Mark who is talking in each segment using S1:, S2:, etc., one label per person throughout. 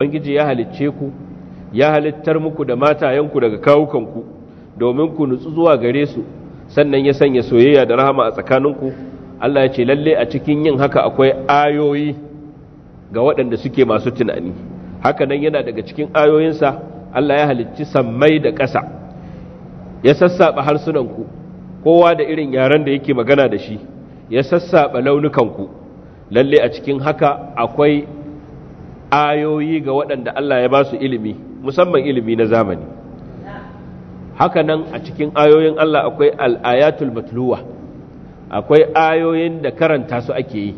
S1: ubangiji ya halicce ku ya halittar muku da matayenku daga kawukanku domin ku nutsu zuwa gare su sannan ya sanya soyayya da rahama a tsakaninku Allah ya ce lalle a cikin yin haka akwai ayoyi ga waɗanda suke masu tunani haka nan yana daga cikin ayoyinsa Allah ya halicci sammai da ƙasa ya sassaɓa harsunanku kowa da irin yaren da yake magana da shi ya sassaɓa launukanku lalle a cikin haka akwai ayoyi ga waɗanda Allah ya ba su ilimi musamman ilimi na zamani hakanan a cikin ayoyin Allah akwai al'ayatul matluwa akwai ayoyin da karanta su ake yi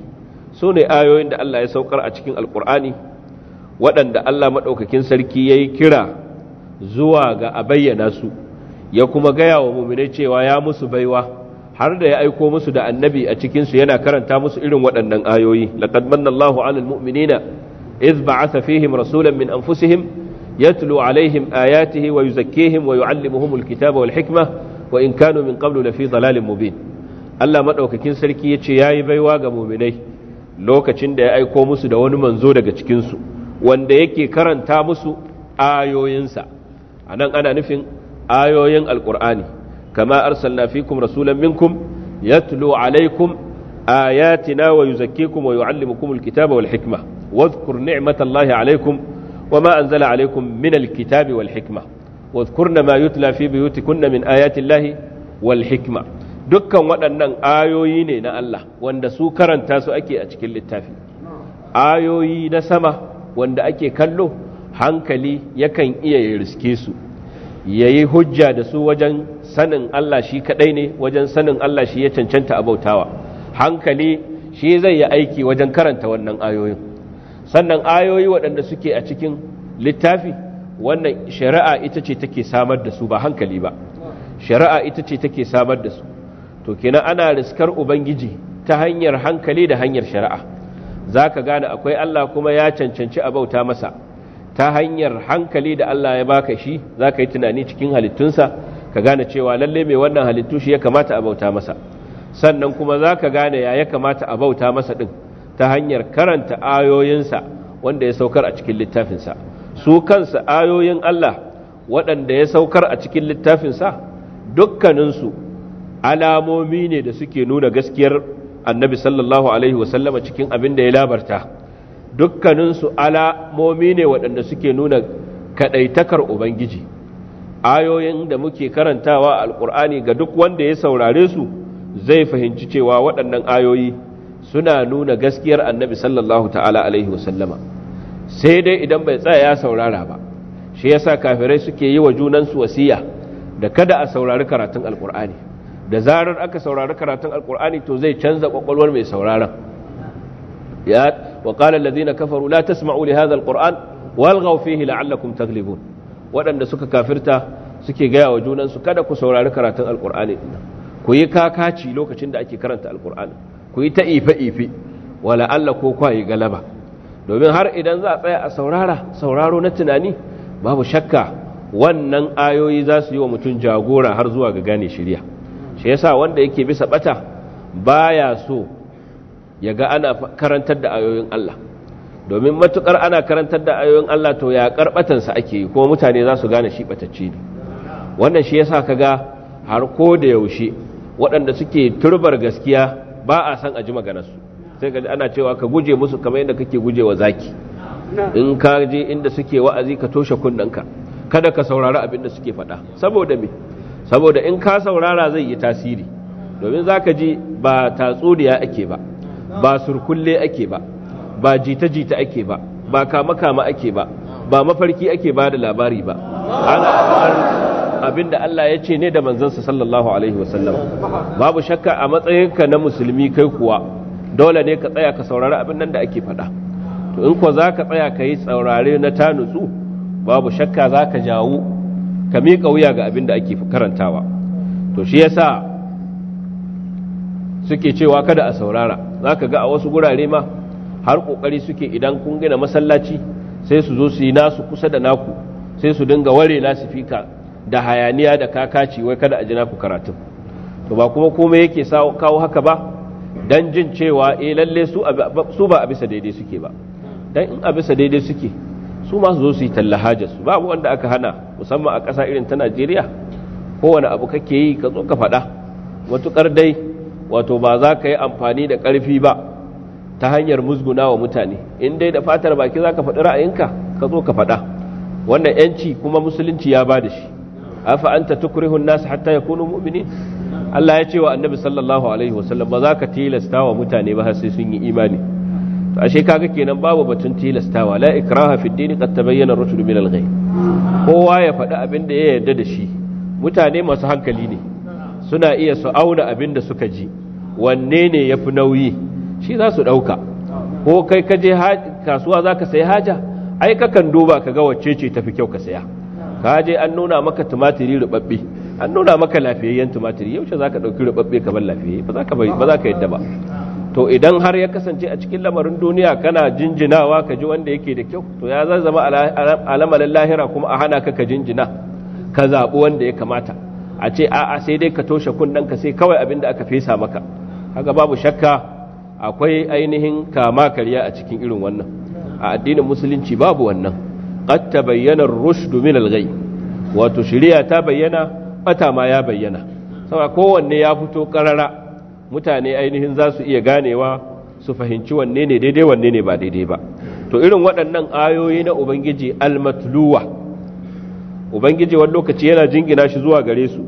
S1: su ne ayoyin da Allah ya saukar a cikin alkur'ani waɗanda Allah maɗaukakin sarki ya yi kira zuwa ga a bayyana su ya kuma gaya wa muminai cewa ya musu baiwa har da ya aiko musu da annabi a cikinsu yana karanta musu irin waɗannan ayoyi laqad manna Allahu 'alal mu'minina إذ بعث فيهم رسولا من أنفسهم يتلو عليهم آياته ويزكيهم ويعلمهم الكتاب والحكمة وإن كانوا من قبل لفي ضلال مبين Allah maɗaukakin sarki ya ce ya yi baiwa ga muminai lokacin da ya aiko musu da wani manzo daga cikinsu wanda yake karanta musu ayoyinsa a nan ana nufin ayoyin alƙur'ani kama arsalna fikum rasulan minkum yatlu alaikum wa واذكر نعمة الله عليكم وما أنزل عليكم من الكتاب والحكمة واذكرن ما يتلى في بيوتكن من آيات الله والحكمة dukkan waɗannan ayoyi ne na Allah wanda su karanta su ake a cikin littafi ayoyi na sama wanda ake kallo hankali yakan iya ya riske su ya yi hujja da su wajen sanin Allah shi kaɗai ne wajen sanin Allah shi ya cancanta abautawa hankali shi zai yi aiki wajen karanta wannan ayoyin sannan ayoyi waɗanda suke a cikin littafi wannan shari'a ita ce take samar da su ba hankali ba shari'a ita ce take samar da su to kenan ana riskar ubangiji ta hanyar hankali da hanyar shari'a za ka gane akwai Allah kuma ya cancanci a bauta masa ta hanyar hankali da Allah ya baka shi za ka yi tunani cikin halittunsa ka gane cewa lalle mai wannan halittu shi ya kamata a bauta masa sannan kuma za ka gane ya ya kamata a bauta masa ɗin ta hanyar karanta ayoyinsa wanda ya saukar a cikin littafinsa su kansa ayoyin Allah waɗanda ya saukar a cikin littafinsa dukkaninsu alamomi ne da suke nuna gaskiyar annabi sallallahu alaihi wasallama cikin abin da ya labarta dukkaninsu alamomi ne waɗanda suke nuna kaɗaitakar ubangiji ayoyin da muke karantawa alƙur'ani ga duk wanda ya saurare su zai fahimci cewa waɗannan ayoyi suna nuna gaskiyar annabi sallallahu ta'ala alaihi wasallama sai dai idan bai tsaya ya saurara ba shi yasa kafirai suke yi wa junansu wasiya da kada a saurari karatun alkur'ani da zarar aka saurari karatun alkur'ani to zai canza kwakwalwar mai sauraron ya wa qala allazina kafaru la tasma'u li hadha alquran walghaw fihi la'allakum taghlibun waɗanda suka kafirta suke gaya wa junansu kada ku saurari karatun alkur'ani ku yi kakaci lokacin da ake karanta alkur'ani ku yi ta ife-ife wala Allah ko kwaye galaba domin har idan za a tsaya a saurara sauraro na tunani babu shakka wannan ayoyi za su yi wa mutum jagora har zuwa ga gane shirya shi yasa wanda yake bisa bata baya so ya ga ana karantar da ayoyin Allah domin matukar ana karantar da ayoyin Allah to ya karbatansa ake yi kuma mutane za su gane shi batacci ne wannan shi yasa kaga har ko da yaushe waɗanda suke turbar gaskiya ba a san a ji maganarsu sai ka ana cewa ka guje musu kamar yadda kake guje wa zaki in ka je inda suke wa'azi ka toshe kunnanka kada ka saurari abin da suke faɗa saboda me saboda in ka saurara zai yi tasiri domin za ka ji ba tatsuniya ake ba ba surkulle ake ba ba jita-jita ake ba ba kama-kama ake ba ba mafarki ake ba da labari ba ana abin da Allah ya ce ne da manzansa sallallahu alaihi wasallam babu shakka a matsayinka na musulmi kai kuwa dole ne ka tsaya ka saurari abin nan da ake faɗa to in ko za ka tsaya ka yi saurare na ta nutsu. babu shakka za ka jawo ka miƙa wuya ga abin da ake karantawa to shi yasa suke cewa kada a saurara za ka ga a wasu gurare ma har ƙoƙari suke idan kun gina masallaci sai su zo su yi nasu kusa da naku sai su dinga ware nasu fika da hayaniya da kakaci wai kada a ji naku karatun to ba kuma komai yake kawo haka ba dan jin cewa eh lalle su ba a bisa daidai suke ba dan in a bisa daidai suke su ma su zo su yi tallahajar su babu wanda aka hana musamman a ƙasa irin ta Najeriya kowane abu kake yi ka zo ka faɗa matukar dai wato ba za ka yi amfani da ƙarfi ba ta hanyar musguna wa mutane in dai da fatar baki za ka faɗi ra'ayinka ka zo ka faɗa wannan yanci kuma musulunci ya ba da shi afa anta tukrihun nas hatta yakunu mu'minin Allah ya ce wa annabi sallallahu alaihi wasallam ba za ka tilasta wa mutane ba har sai sun yi imani to ashe kaga kenan babu batun tilastawa la ikraha fi dini qad tabayyana ar-rushd min al-ghay kowa ya faɗi abin da ya yarda da shi mutane masu hankali ne suna iya su auna abin da suka ji wanne ne yafi nauyi shi za su ɗauka ko kai ka je kasuwa za ka sai haja ai kakan duba ka ga wacce ce tafi kyau ka saya ka je an nuna maka tumatiri rubabbe an nuna maka lafiyayyen tumatiri yaushe za ka ɗauki rubabbe kamar lafiyayye ba za ka yadda ba to idan har ya kasance a cikin lamarin duniya kana jinjinawa ka ji wanda yake da kyau to ya zai zama alamar lahira kuma a hana ka ka jinjina ka zaɓi wanda ya kamata a ce a'a sai dai ka toshe kunnen ka sai kawai abin da aka fesa maka haka babu shakka akwai ainihin kama karya a cikin irin wannan a addinin musulunci babu wannan qad tabayyana ar-rushd min al-ghay wato shari'a ta bayyana bata ma ya bayyana saboda kowanne ya fito karara mutane ainihin za su iya ganewa su fahimci wanne ne daidai wanne ne ba daidai ba to irin waɗannan ayoyi na ubangiji al-matluwa ubangiji wani lokaci yana jingina shi zuwa gare su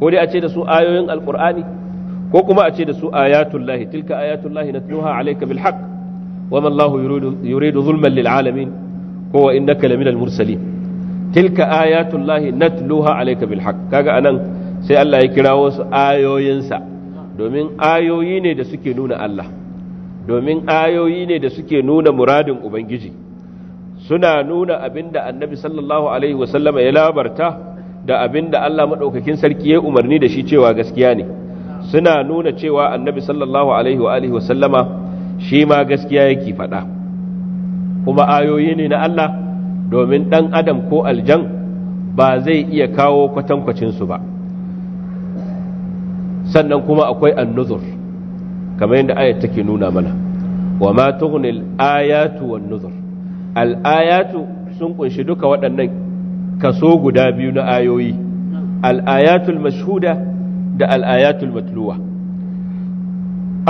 S1: ko dai a ce da su ayoyin alkur'ani ko kuma a ce da su ayatullahi tilka ayatullahi natluha alayka bil haqq wa ma Allahu yuridu yuridu zulman lil alamin ko wa innaka laminal mursalin tilka ayatullahi natluha alayka bil haqq kaga anan sai Allah ya kirawo su ayoyinsa domin ayoyi ne da suke nuna Allah domin ayoyi ne da suke nuna muradin ubangiji suna nuna abinda annabi sallallahu alaihi wasallama ya labarta da abinda Allah madaukakin sarki ya umarni da shi cewa gaskiya ne suna nuna cewa annabi sallallahu alaihi wa alihi sallama shi ma gaskiya yake faɗa kuma ayoyi ne na Allah domin ɗan adam ko aljan ba zai iya kawo kwatankwacinsu ba sannan kuma akwai annuzur kamar yadda ayat take nuna mana wa ma tughnil ayatu wan nuzur al ayatu sun kunshi duka waɗannan kaso guda biyu na ayoyi al ayatul mashhuda da al'ayatul matluwa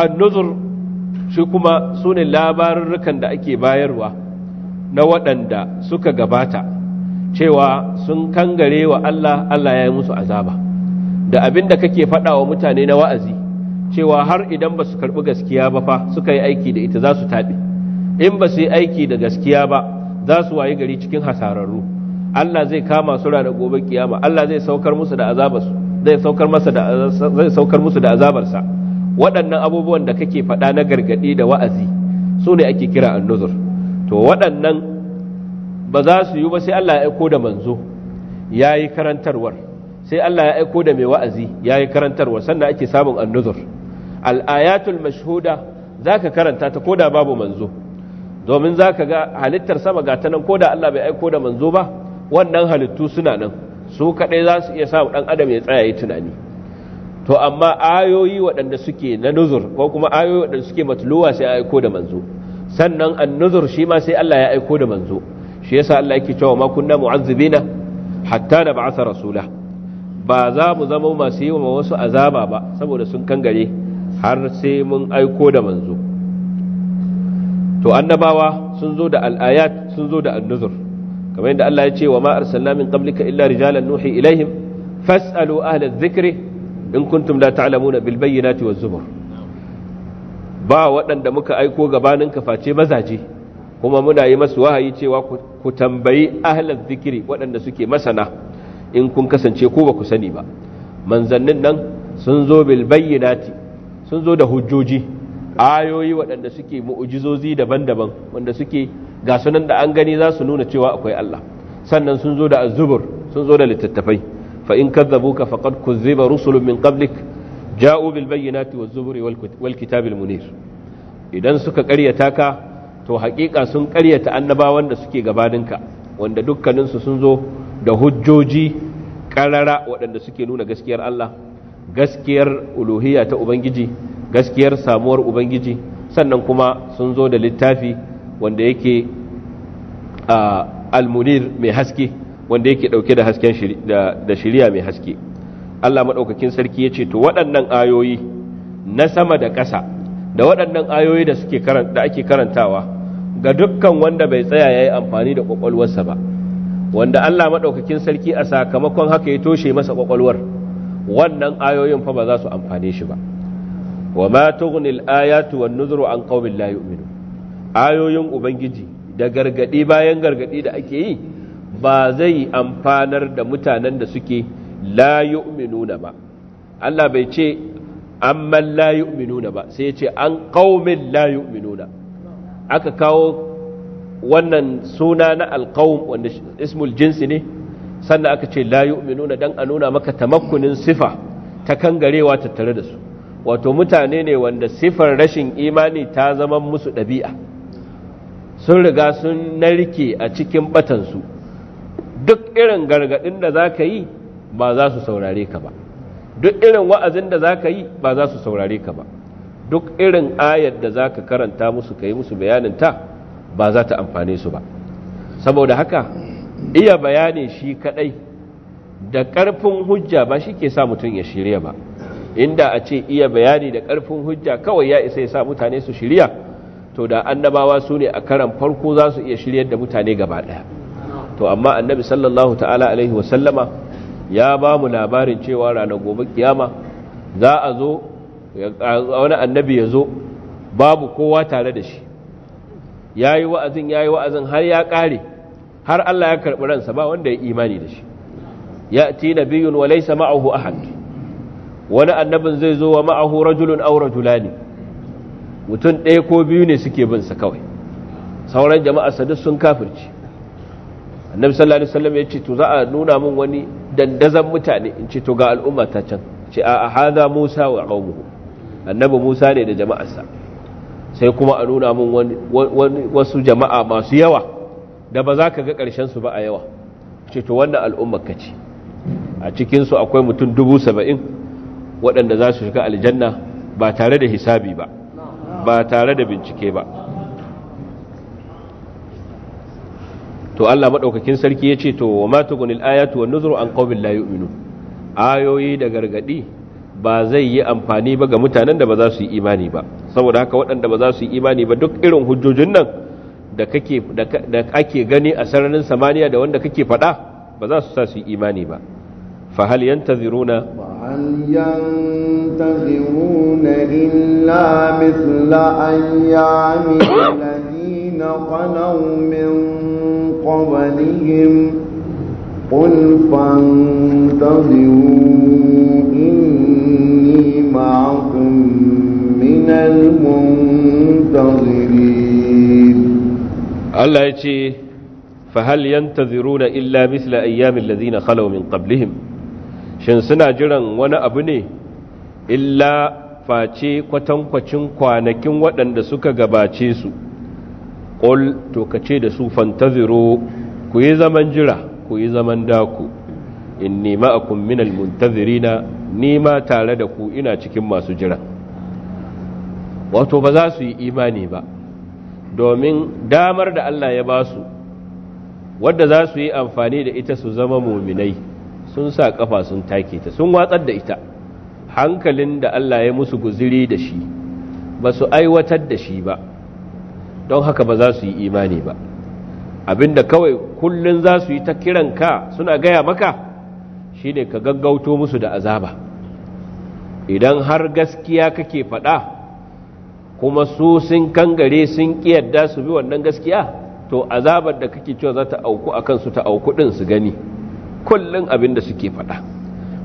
S1: annuzur shi kuma su ne labarurrukan da ake bayarwa na waɗanda suka gabata cewa sun kangare wa Allah Allah ya yi musu azaba da abin da kake faɗa wa mutane na wa'azi cewa har idan ba su karɓi gaskiya ba fa suka yi aiki da ita za su taɓi. in ba su yi aiki da gaskiya ba za su wayi gari cikin hasararru Allah zai kama su ranar gobe kiyama Allah zai saukar musu da azabarsu zai saukar masa da zai saukar musu da azabarsa waɗannan abubuwan da kake faɗa na gargadi da wa'azi su ne ake kira annuzur to waɗannan ba za su yi ba sai Allah ya aiko da manzo yayi karantarwar sai Allah ya aiko da mai wa'azi yayi karantarwar sannan ake samun annuzur al-ayatul mashhuda zaka karanta ta koda babu manzo domin zaka ga halittar sama ga ta nan koda Allah bai aiko da manzo ba wannan halittu suna nan su kaɗai za su iya sa ɗan adam ya tsaya yi tunani to amma ayoyi waɗanda suke na nuzur ko kuma ayoyi waɗanda suke matuluwa sai aiko da manzo sannan an nuzur shi ma sai Allah ya aiko da manzo shi yasa Allah yake cewa ma kunna mu'azzibina hatta na ba'atha rasula ba za mu zama masu yi wa wasu azaba ba saboda sun kangare har sai mun aiko da manzo to annabawa sun zo da al'ayat sun zo da annuzur kamar yadda Allah ya ce wa ma arsalna min qablika illa rijalan nuhi ilaihim fas'alu ahla dhikri in kuntum la ta'lamuna bil bayyinati waz zubur ba waɗanda muka aiko gabanin ka face mazaje kuma muna yi masu wahayi cewa ku tambayi ahla dhikri waɗanda suke masana in kun kasance ko ba ku sani ba manzannin nan sun zo bil bayyinati sun zo da hujjoji ayoyi waɗanda suke mu'ujizozi daban-daban wanda suke ga sunan da an gani za su nuna cewa akwai Allah sannan sun zo da azubur sun zo da littattafai fa in kadzabuka faqad kuzziba rusulun min qablik ja'u bil bayyinati waz zuburi wal kitabil munir idan suka ƙaryata ka to haƙiƙa sun ƙaryata annabawan da suke gabaninka wanda dukkaninsu sun zo da hujjoji ƙarara waɗanda suke nuna gaskiyar Allah gaskiyar uluhiyya ta ubangiji gaskiyar samuwar ubangiji sannan kuma sun zo da littafi wanda yake almunir mai haske wanda yake dauke da hasken da shiriya mai haske Allah madaukakin sarki yace to waɗannan ayoyi na sama da ƙasa da waɗannan ayoyi da suke da ake karantawa ga dukkan wanda bai tsaya ya yi amfani da kwakwalwarsa ba wanda Allah madaukakin sarki a sakamakon haka ya toshe masa kwakwalwar wannan ayoyin fa ba za su amfane shi ba wa ma tughnil ayatu wan nuzru an qawmin la yu'minun ayoyin ubangiji da gargadi bayan gargadi da ake yi ba zai amfanar da mutanen da suke la yu'minuna ba Allah bai ce amman la yu'minuna ba sai ya ce an qaumin la yu'minuna aka kawo wannan suna na alqaum wanda ismul jinsi ne sannan aka ce la yu'minuna dan a nuna maka tamakkunin sifa ta kangarewa tattare da su wato mutane ne wanda sifar rashin imani ta zama musu ɗabi'a sun riga sun narke a cikin batansu duk irin gargadin da za ka yi ba za su saurare ka ba duk irin wa'azin da za ka yi ba za su saurare ka ba duk irin ayar da za ka karanta musu ka yi musu bayaninta ba za ta amfane su ba saboda haka iya bayani shi kadai da ƙarfin hujja ba shi ke sa mutum ya shirya ba inda a ce iya bayani da karfin hujja kawai ya isa ya sa mutane su shirya to da annabawa su ne a karan farko za su iya shiryar da mutane gaba ɗaya to amma annabi sallallahu ta'ala alaihi wasallama ya ba mu labarin cewa ranar gobe kiyama za a zo wani annabi ya zo babu kowa tare da shi ya yi wa'azin ya yi wa'azin har ya ƙare har Allah ya karɓi ransa ba wanda ya imani da shi ya ti na biyun walai ma'ahu hannu. wani annabin zai zo wa ma'ahu rajulun aw ne. mutum ɗaya ko biyu ne suke bin sa kawai sauran jama'a sadu sun kafirci annabi sallallahu alaihi wasallam ya ce to za a nuna min wani dandazan mutane in ce to ga al'umma ta can ce a hada Musa wa qaumuhu annabi Musa ne da jama'arsa sai kuma a nuna min wani wasu jama'a masu yawa da ba za ka ga ƙarshen su ba a yawa ce to wannan al'umma ka ce a cikin su akwai mutum dubu saba'in waɗanda za su shiga aljanna ba tare da hisabi ba ba tare da bincike ba to Allah madaukakin sarki ya ce to wama tugunil ayatu wan nuzuru an qawmin la yu'minun ayoyi da gargadi ba zai yi amfani ba ga mutanen da ba za su yi imani ba saboda haka waɗanda ba za su yi imani ba duk irin hujjojin nan da kake da ake gani a sararin samaniya da wanda kake faɗa ba za su sa su yi imani ba fa hal yantaziruna
S2: هل ينتظرون إلا مثل أيام الذين خلوا من قبلهم قل فانتظروا إني معكم من المنتظرين
S1: الله يجي فهل ينتظرون إلا مثل أيام الذين خلوا من قبلهم shin suna jiran wani abu ne illa face kwatankwacin kwanakin waɗanda suka gabace su ƙol to ka ce da su fantaziro ku yi zaman jira ku yi zaman daku in nema a kumminal muntazirina nema tare da ku ina cikin masu jira wato ba za su yi imani ba domin damar da Allah ya ba su wadda za su yi amfani da ita su zama muminai sun sa kafa sun take ta sun watsar da ita hankalin da Allah ya musu guziri da shi ba su aiwatar da shi ba don haka ba za su yi imani ba abinda kawai kullun za su yi ta kiran ka suna gaya maka shine ka gaggauto musu da azaba idan har gaskiya kake faɗa kuma su sun kangare sun da su bi wannan gaskiya to azabar da kake cewa za ta auku akan su ta auku din su gani Kullum abin da suke faɗa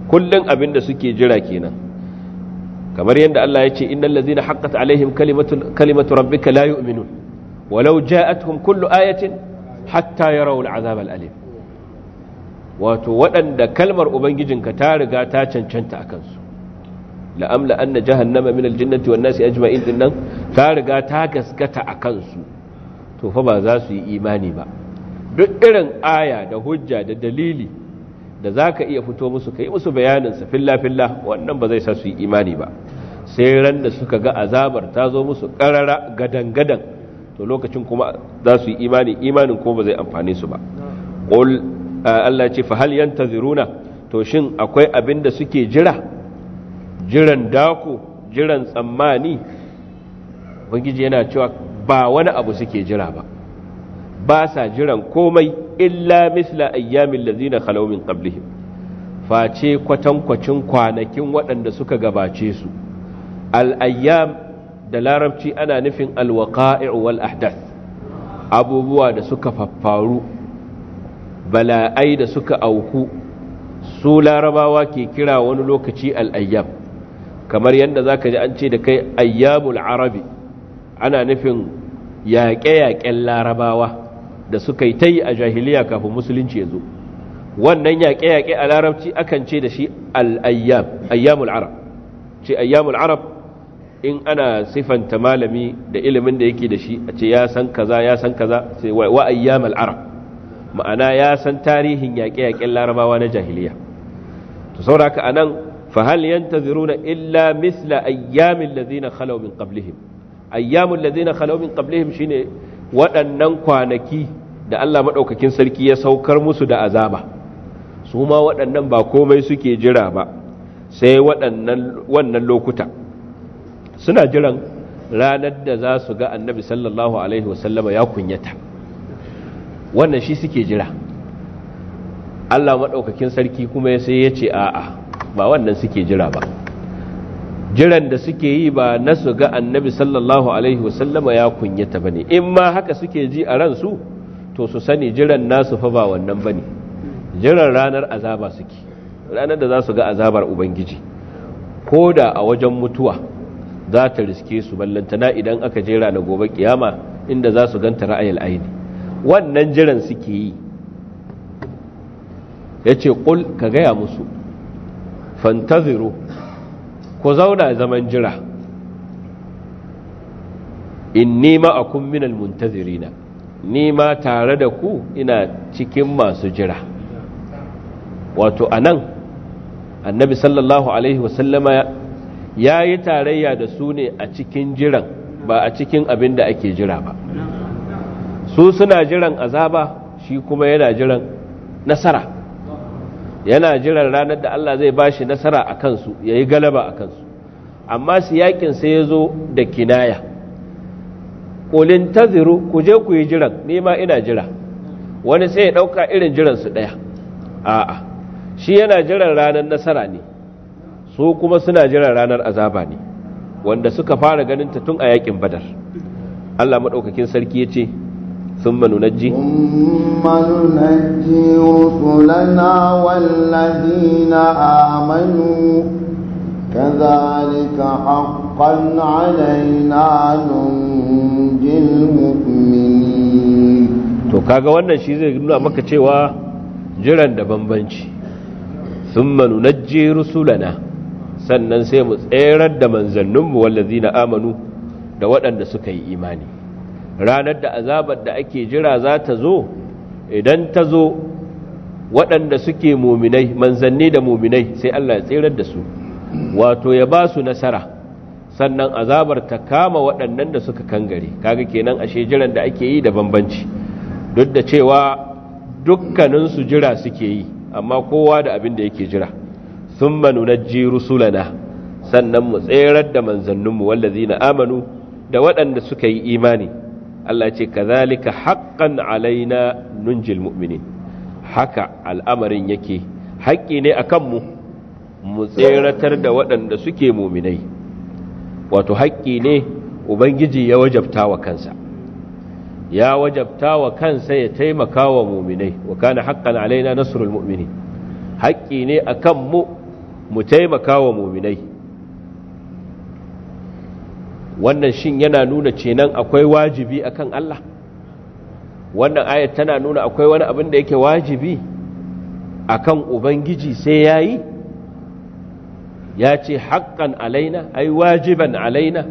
S1: Kullum abin da suke jira kenan kamar yadda Allah ya ce innal ladzina haqqat alaihim kalimatu kalimatu rabbika la yu'minun walau ja'atuhum kullu ayatin hatta yarawul azab al wato waɗanda kalmar ubangijinka ta riga ta cancanta a kansu la'amla an jahannama min aljannati wan nasi ajma'in din nan ta riga ta gaskata a kansu to fa ba za su yi imani ba duk irin aya da hujja da dalili da za ka iya fito musu ka yi musu bayaninsa filla-filla wannan ba zai sa su yi imani ba sai ran da suka ga azabar ta zo musu karara gadan-gadan to lokacin kuma za su yi imani imanin kuma ba zai amfani su ba Allah ce fa hal ziruna to shin akwai abin da suke jira jiran dako jiran tsammani ubangiji yana cewa ba wani abu suke jira ba ba sa jiran komai illa misla ayyamin lazina khalaw min qablihim face kwatankwacin kwanakin waɗanda suka gabace su al'ayyam da larabci ana nufin alwaƙa'i'u wal ahdath abubuwa da suka faffaru bala'ai da suka auku su larabawa ke kira wani lokaci al'ayyam kamar yadda za ka ji an ce da kai ayyamul arabi ana nufin yaƙe-yaƙen larabawa da suka yi ta yi a jahiliya kafin musulunci ya zo wannan yaƙe-yaƙe a larabci akan ce da shi al'ayyam ayyamul arab ce ayyamul arab in ana sifanta malami da ilimin da yake da shi a ce ya san kaza ya san kaza sai wa ayyamul arab ma'ana ya san tarihin yaƙe-yaƙen larabawa na jahiliya to saboda haka anan فهل illa misla مثل أيام الذين خلوا من قبلهم أيام الذين خلوا من قبلهم شيني waɗannan kwanaki da Allah maɗaukakin sarki ya saukar musu da azaba su ma waɗannan ba komai suke jira ba sai wannan lokuta suna jiran ranar da za su ga annabi sallallahu alaihi wasallama ya kunyata wannan shi suke jira Allah maɗaukakin sarki kuma sai ya ce a'a ba wannan suke jira ba jiran da suke yi ba na su ga annabi sallallahu alaihi wasallama ya kunyata ba ne in ma haka suke ji a ransu to su sani jiran nasu fa ba wannan ba ne. jiran ranar azaba suke ranar da za su ga azabar ubangiji ko da a wajen mutuwa za ta riske su ballantana idan aka jera na gobe kiyama inda za su ganta ra'ayil aini wannan jiran suke yi ya ce ƙul ka gaya musu fantaziru ku zauna zaman jira in nema a minal muntazirina ni ma tare da ku ina cikin masu jira wato anan annabi sallallahu alaihi wasallama ya yi tarayya da su ne a cikin jiran ba a cikin abin da ake jira ba su suna jiran azaba shi kuma yana jiran nasara yana jiran ranar da Allah zai ba shi nasara a kansu ya yi galaba a kansu amma siyakin sai ya zo da kinaya kulin taziru ku je ku yi jiran nima ina jira wani sai ya ɗauka irin jiransu ɗaya a'a shi yana jiran ranar nasara ne su kuma suna jiran ranar azaba ne wanda suka fara ganin ta tun a yakin badar Allah maɗaukakin sarki ya ce sun manu na ji
S2: كذلك حقا علينا ننجي
S1: to kaga wannan shi zai nuna maka cewa jiran da bambanci Sun thumma nunajji jerusulana sannan sai mu tserar da manzanninmu na amanu da waɗanda suka yi imani ranar da azabar da ake jira za ta zo idan ta zo waɗanda suke muminai manzanni da muminai sai Allah ya tserar da su wato ya ba su nasara sannan azabar ta kama waɗannan da suka kangare kaga kenan ashe jiran da ake yi da bambanci duk da cewa dukkaninsu jira suke yi amma kowa da abin da yake jira sun manunajji rusulana sannan mu tserar da manzanninmu wallazi na amanu da waɗanda suka yi imani Allah ce kazalika haƙƙan alaina nunjil mu'minin haka al'amarin yake haƙƙi ne akan kanmu mu tseratar da waɗanda suke muminai wato haƙƙi ne ubangiji ya wajabta wa kansa ya wajabta wa kansa ya taimaka wa muminai wa kana haƙƙan alaina nasrul mu'minin haƙƙi ne akan mu mu taimaka wa muminai wannan shin yana nuna ce nan akwai wajibi akan Allah wannan ayat tana nuna akwai wani abin da yake wajibi akan ubangiji sai yayi ya ce haƙƙan alaina ai wajiban alaina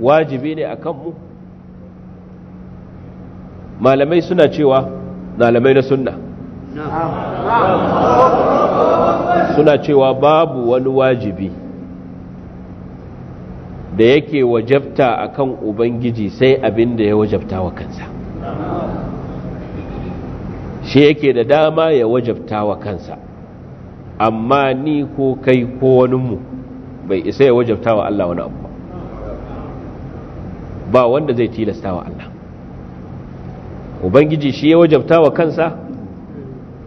S1: wajibi ne a kanmu malamai suna cewa malamai na sunna suna cewa babu wani wajibi da yake wajabta akan ubangiji sai abin da ya wajabta wa kansa shi yake da dama ya wajabta wa kansa amma ni ko kai ko waninmu bai isa ya wajabta wa Allah wani abu ba wanda zai tilasta wa Allah ubangiji shi ya wajabta wa kansa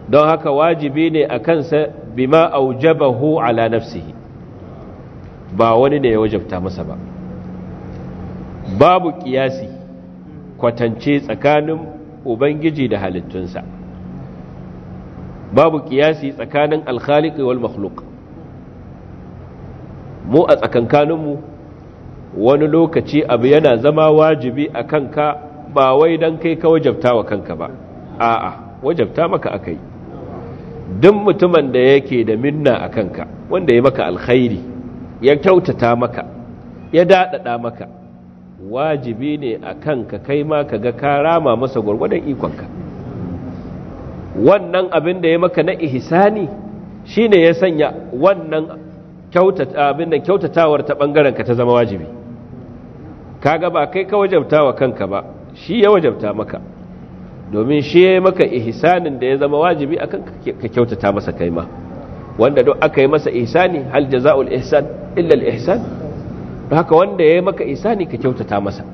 S1: don haka wajibi ne a kansa bima aujabahu ala nafsihi ba wani ne ya wajabta masa ba babu kiyasi kwatance tsakanin ubangiji da halittunsa babu kiyasi tsakanin alkhaliq wal makhluq mu a tsakankaninmu wani lokaci abu yana zama wajibi a kanka ba wai don kai ka wajabta wa kanka ba a'a wajabta maka akai duk mutumin da yake da minna a kanka wanda ya maka alkhairi ya kyautata maka ya daɗaɗa maka wajibi ne a kanka kai ma ka ga ka rama masa gwargwadon ikonka wannan abin da ya maka na ihsani shine ya sanya wannan kyautata abin da kyautatawar ta bangaren ka ta zama wajibi kaga ba kai ka wajabta wa kanka ba shi ya wajabta maka domin shi ya maka ihsanin da ya zama wajibi akan ka kyautata masa kai ma wanda duk aka yi masa ihsani hal jazaul ihsan illa al ihsan haka wanda ya maka ihsani ka kyautata masa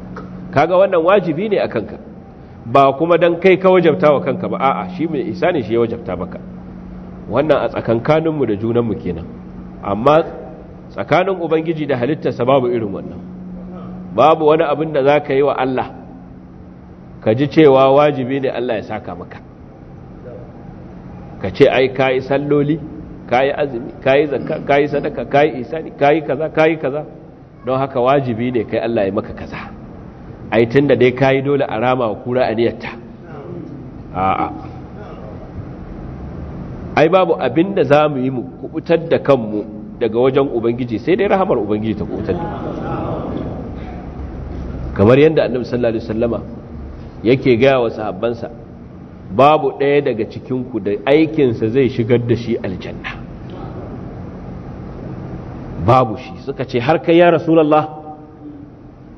S1: kaga wannan wajibi ne akan ka ba kuma dan kai ka wajabta wa kanka ba a'a shi mai isa ne shi ya wajabta maka wannan a tsakankaninmu da junanmu kenan amma tsakanin ubangiji da halittarsa babu irin wannan babu wani abin da za ka yi wa Allah ka ji cewa wajibi ne Allah ya saka maka ka ce ai ka yi salloli ka yi azumi ka yi zakka ka yi sadaka ka yi isani ka yi kaza ka yi kaza don haka wajibi ne kai Allah ya maka kaza ai tun da dai kayi dole a rama wa kura aniyarta a'a ai babu abin da za mu yi mu kubutar da kanmu daga wajen ubangiji sai dai rahamar ubangiji ta kubutar da kamar yadda annabi sallallahu alaihi wasallama yake gaya wa sahabbansa babu ɗaya daga cikinku da aikinsa zai shigar da shi aljanna babu shi suka ce har kai ya rasulallah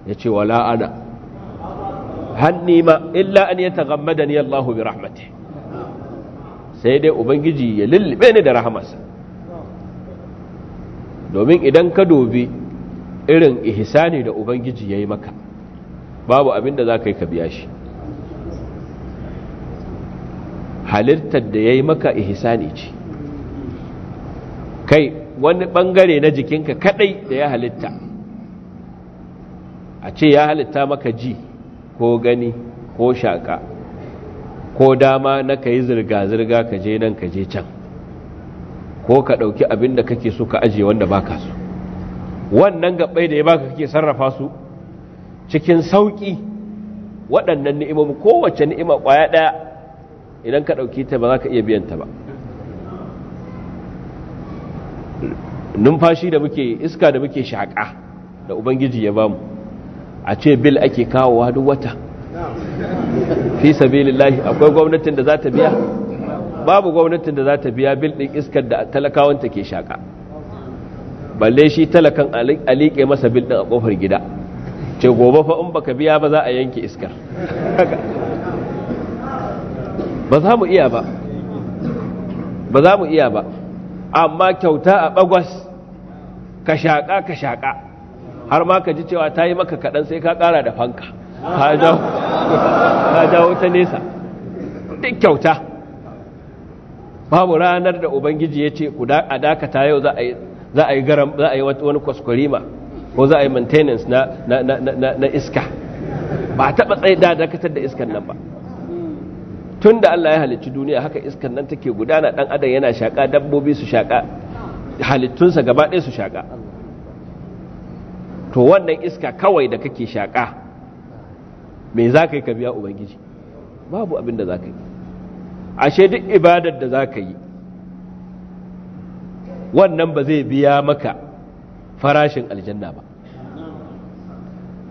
S1: ya ce wala ana hanni ma illa an ni Allahu bi rahmati sai dai ubangiji ya lullube ni da rahamarsa domin idan ka dobi irin ihsani da ubangiji yayi maka babu abin da zaka yi ka biya shi halittar da yayi maka ihsani ce kai wani bangare na jikinka kadai da ya halitta a ce ya halitta maka ji ko gani ko shaƙa ko dama na ka yi zirga-zirga ka je nan ka je can ko ka ɗauki abin da kake so ka ajiye wanda baka so wannan gaɓai da ya baka kake sarrafa su cikin sauƙi waɗannan ni'imomi kowace ni'ima ƙwaya ɗaya idan ka ɗauki ta ba za ka iya biyan ta ba numfashi da muke iska da muke shaƙa da ubangiji ya bamu a ce bil ake kawowa duk wata fi sabilillahi akwai gwamnatin da za ta biya babu gwamnatin da za ta biya bil din iskar da talakawanta ke shaka balle shi talakan alike masa bil din a kofar gida ce gobe fa in baka biya ba za a yanke iskar ba za mu iya ba ba za mu iya ba amma kyauta a bagwas ka shaƙa ka shaƙa har ma ka ji cewa ta yi maka kaɗan sai ka ƙara da fanka ka jawo ta nesa duk kyauta babu ranar da ubangiji ya ce a dakata yau za a yi garam za a yi wani kwaskwarima ko za a yi maintenance na iska ba a taɓa tsaye da dakatar da iskan nan ba tun da Allah ya halicci duniya haka iskan nan take gudana dan adam yana shaka dabbobi su shaka halittunsa gaba ɗaya su shaka to wannan iska kawai da kake shaƙa me za ka yi ka biya ubangiji babu abin da za ka yi ashe duk ibadar da za ka yi wannan ba zai biya maka farashin aljanna ba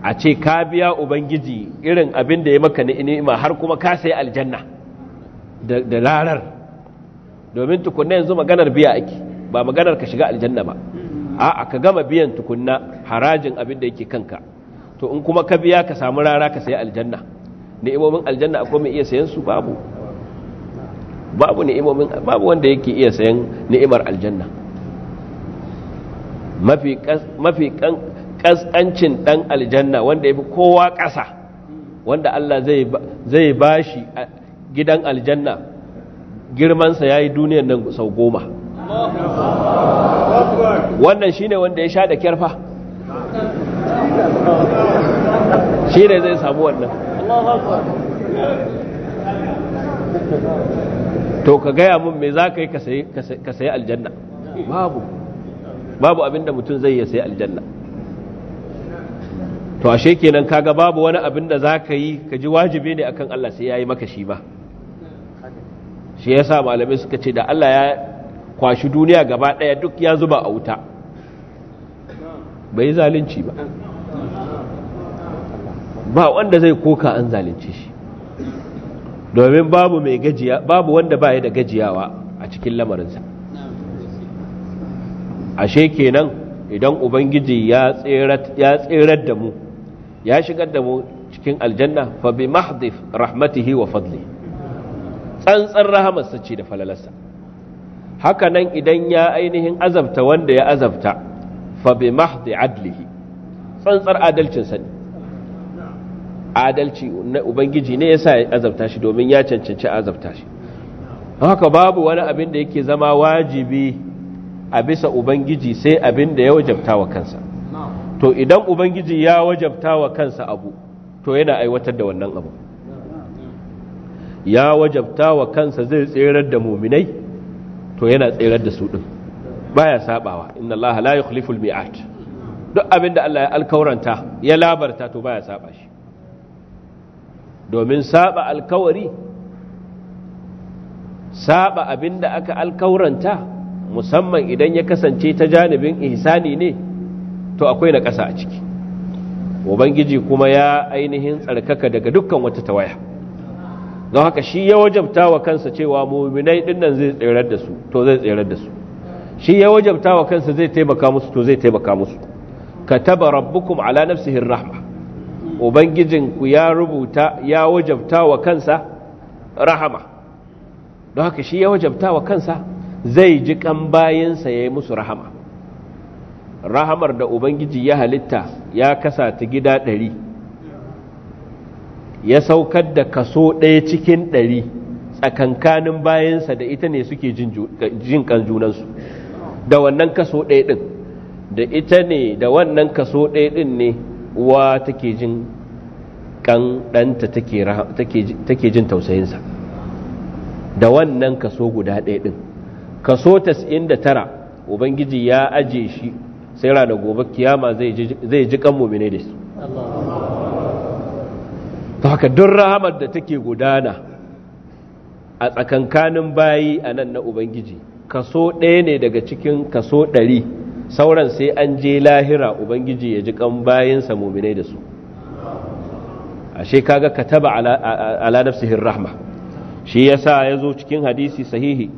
S1: a ce ka biya ubangiji irin abin da ya maka ni'ima har kuma ka sai aljanna da larar domin tukunna yanzu maganar biya ake ba maganar ka shiga aljanna ba a'a ka gama biyan tukunna harajin abin da yake kanka to in kuma ka biya ka samu rara ka sayi aljanna ni'imomin aljanna akwai mai iya sayan su babu babu ni'imomin babu wanda yake iya sayan ni'imar aljanna mafi mafi kaskancin dan aljanna wanda yafi kowa ƙasa wanda Allah zai zai bashi gidan aljanna girmansa ya yi duniyar nan sau goma wannan shine wanda ya sha da kyarfa shi zai samu wannan to ka gaya mun me za ka yi ka sayi aljanna babu abinda mutum zai iya sayi aljanna to ashe kenan kaga babu wani abinda za ka yi ka ji wajibi ne akan Allah sai ya yi maka shi ba shi ya sa malamai suka ce da Allah ya kwashi duniya gaba daya duk ya zuba a wuta bai zalunci ba ba wanda zai koka an zalunci shi domin babu mai gajiya babu wanda ba da gajiyawa a cikin lamarinsa ashe kenan idan ubangiji ya tserar da mu ya shigar da mu cikin aljanna fa bi mahdif rahmatihi wa fadli Tsantsan rahamarsa ce da falalarsa haka nan idan ya ainihin azabta wanda ya azabta fa bi mahdi adlihi tsantsar adalcin sa adalci na ubangiji ne yasa ya azabta shi domin ya cancanci azabta shi haka babu wani abin da yake zama wajibi a bisa ubangiji sai abin da ya wajabta wa kansa to idan ubangiji ya wajabta wa kansa abu to yana aiwatar da wannan abu ya wajabta wa kansa zai tserar da muminai to yana tsirar da su din baya sabawa inna Allah la yukhlifu miat duk abinda Allah ya alkawaranta ya labarta to baya saba shi domin saba alkawari saba abinda aka alkauranta musamman idan ya kasance ta janibin ihsani ne to akwai na ƙasa a ciki ubangiji kuma ya ainihin tsarkaka daga dukkan wata tawaya don haka shi ya wajabta wa kansa cewa muminai nan zai tsirar da su to zai tsirar da su shi ya wajabta wa kansa zai taimaka musu to zai taimaka musu Ka taba rabbukum ala nafsihir rahma Ubangijin ku ya rubuta ya wajabta wa kansa rahama don haka shi ya wajabta wa kansa zai ji kan bayansa ya yi musu rahama rahamar da ubangiji ya halitta ya kasa ta gida ɗari ya saukar da kaso ɗaya cikin ɗari tsakankanin bayansa da ita ne suke jin kan junansu da wannan kaso ɗaya ɗin da ita ne da wannan kaso ɗaya ɗin ne uwa take jin kan ɗanta take jin tausayinsa da wannan kaso guda ɗaya ɗin kaso da tara ubangiji ya aje shi sai rana gobe kiyama zai ji kan mummine da su ta haka don rahamar da take gudana a tsakankanin bayi a nan na ubangiji kaso ɗaya ne daga cikin kaso ɗari sauran sai an je lahira ubangiji ya ji kan bayinsa muminai da su ashe kaga kataba ala rahma shi yasa zo cikin hadisi sahihi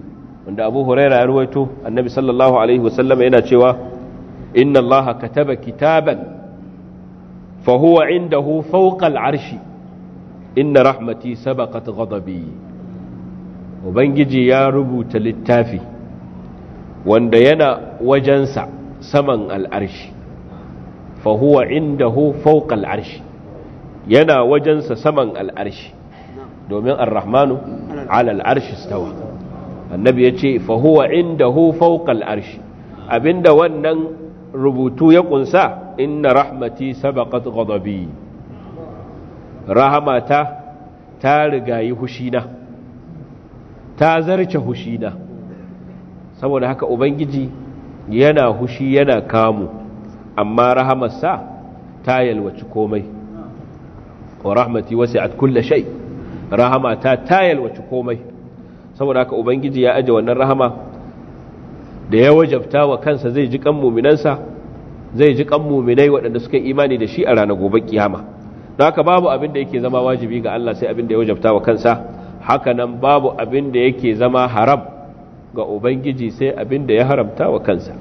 S1: wanda Abu Huraira ya ruwaito Annabi sallallahu alaihi wasallam yana cewa inna Allah kataba kitaban fa huwa indahu fawqa arshi inna rahmati sabaqat ghadabi ubangiji ya rubuta littafi wanda yana wajensa saman al'arshi fa huwa indahu fawqa al'arshi yana wajensa saman al'arshi domin ar-rahmanu ala al'arshi stawa annabi yace fa huwa indahu fawqa al'arshi abinda wannan rubutu ya kunsa inna rahmati sabaqat ghadabi rahamata ta rigayi hushina ta zarce hushina saboda haka ubangiji yana hushi yana kamu amma rahamarsa ta yalwaci komai wa rahmati wasi'at kulli shay rahamata ta yalwaci komai saboda haka ubangiji ya aje wannan rahama da ya wajabta wa kansa zai ji kan muminansa zai ji kan muminai waɗanda suka yi imani da shi a ranar gobe kiyama haka babu abin da yake zama wajibi ga Allah sai abin da ya wajabta wa kansa haka nan babu abin da yake zama haram ga ubangiji sai abin da ya haramta wa kansa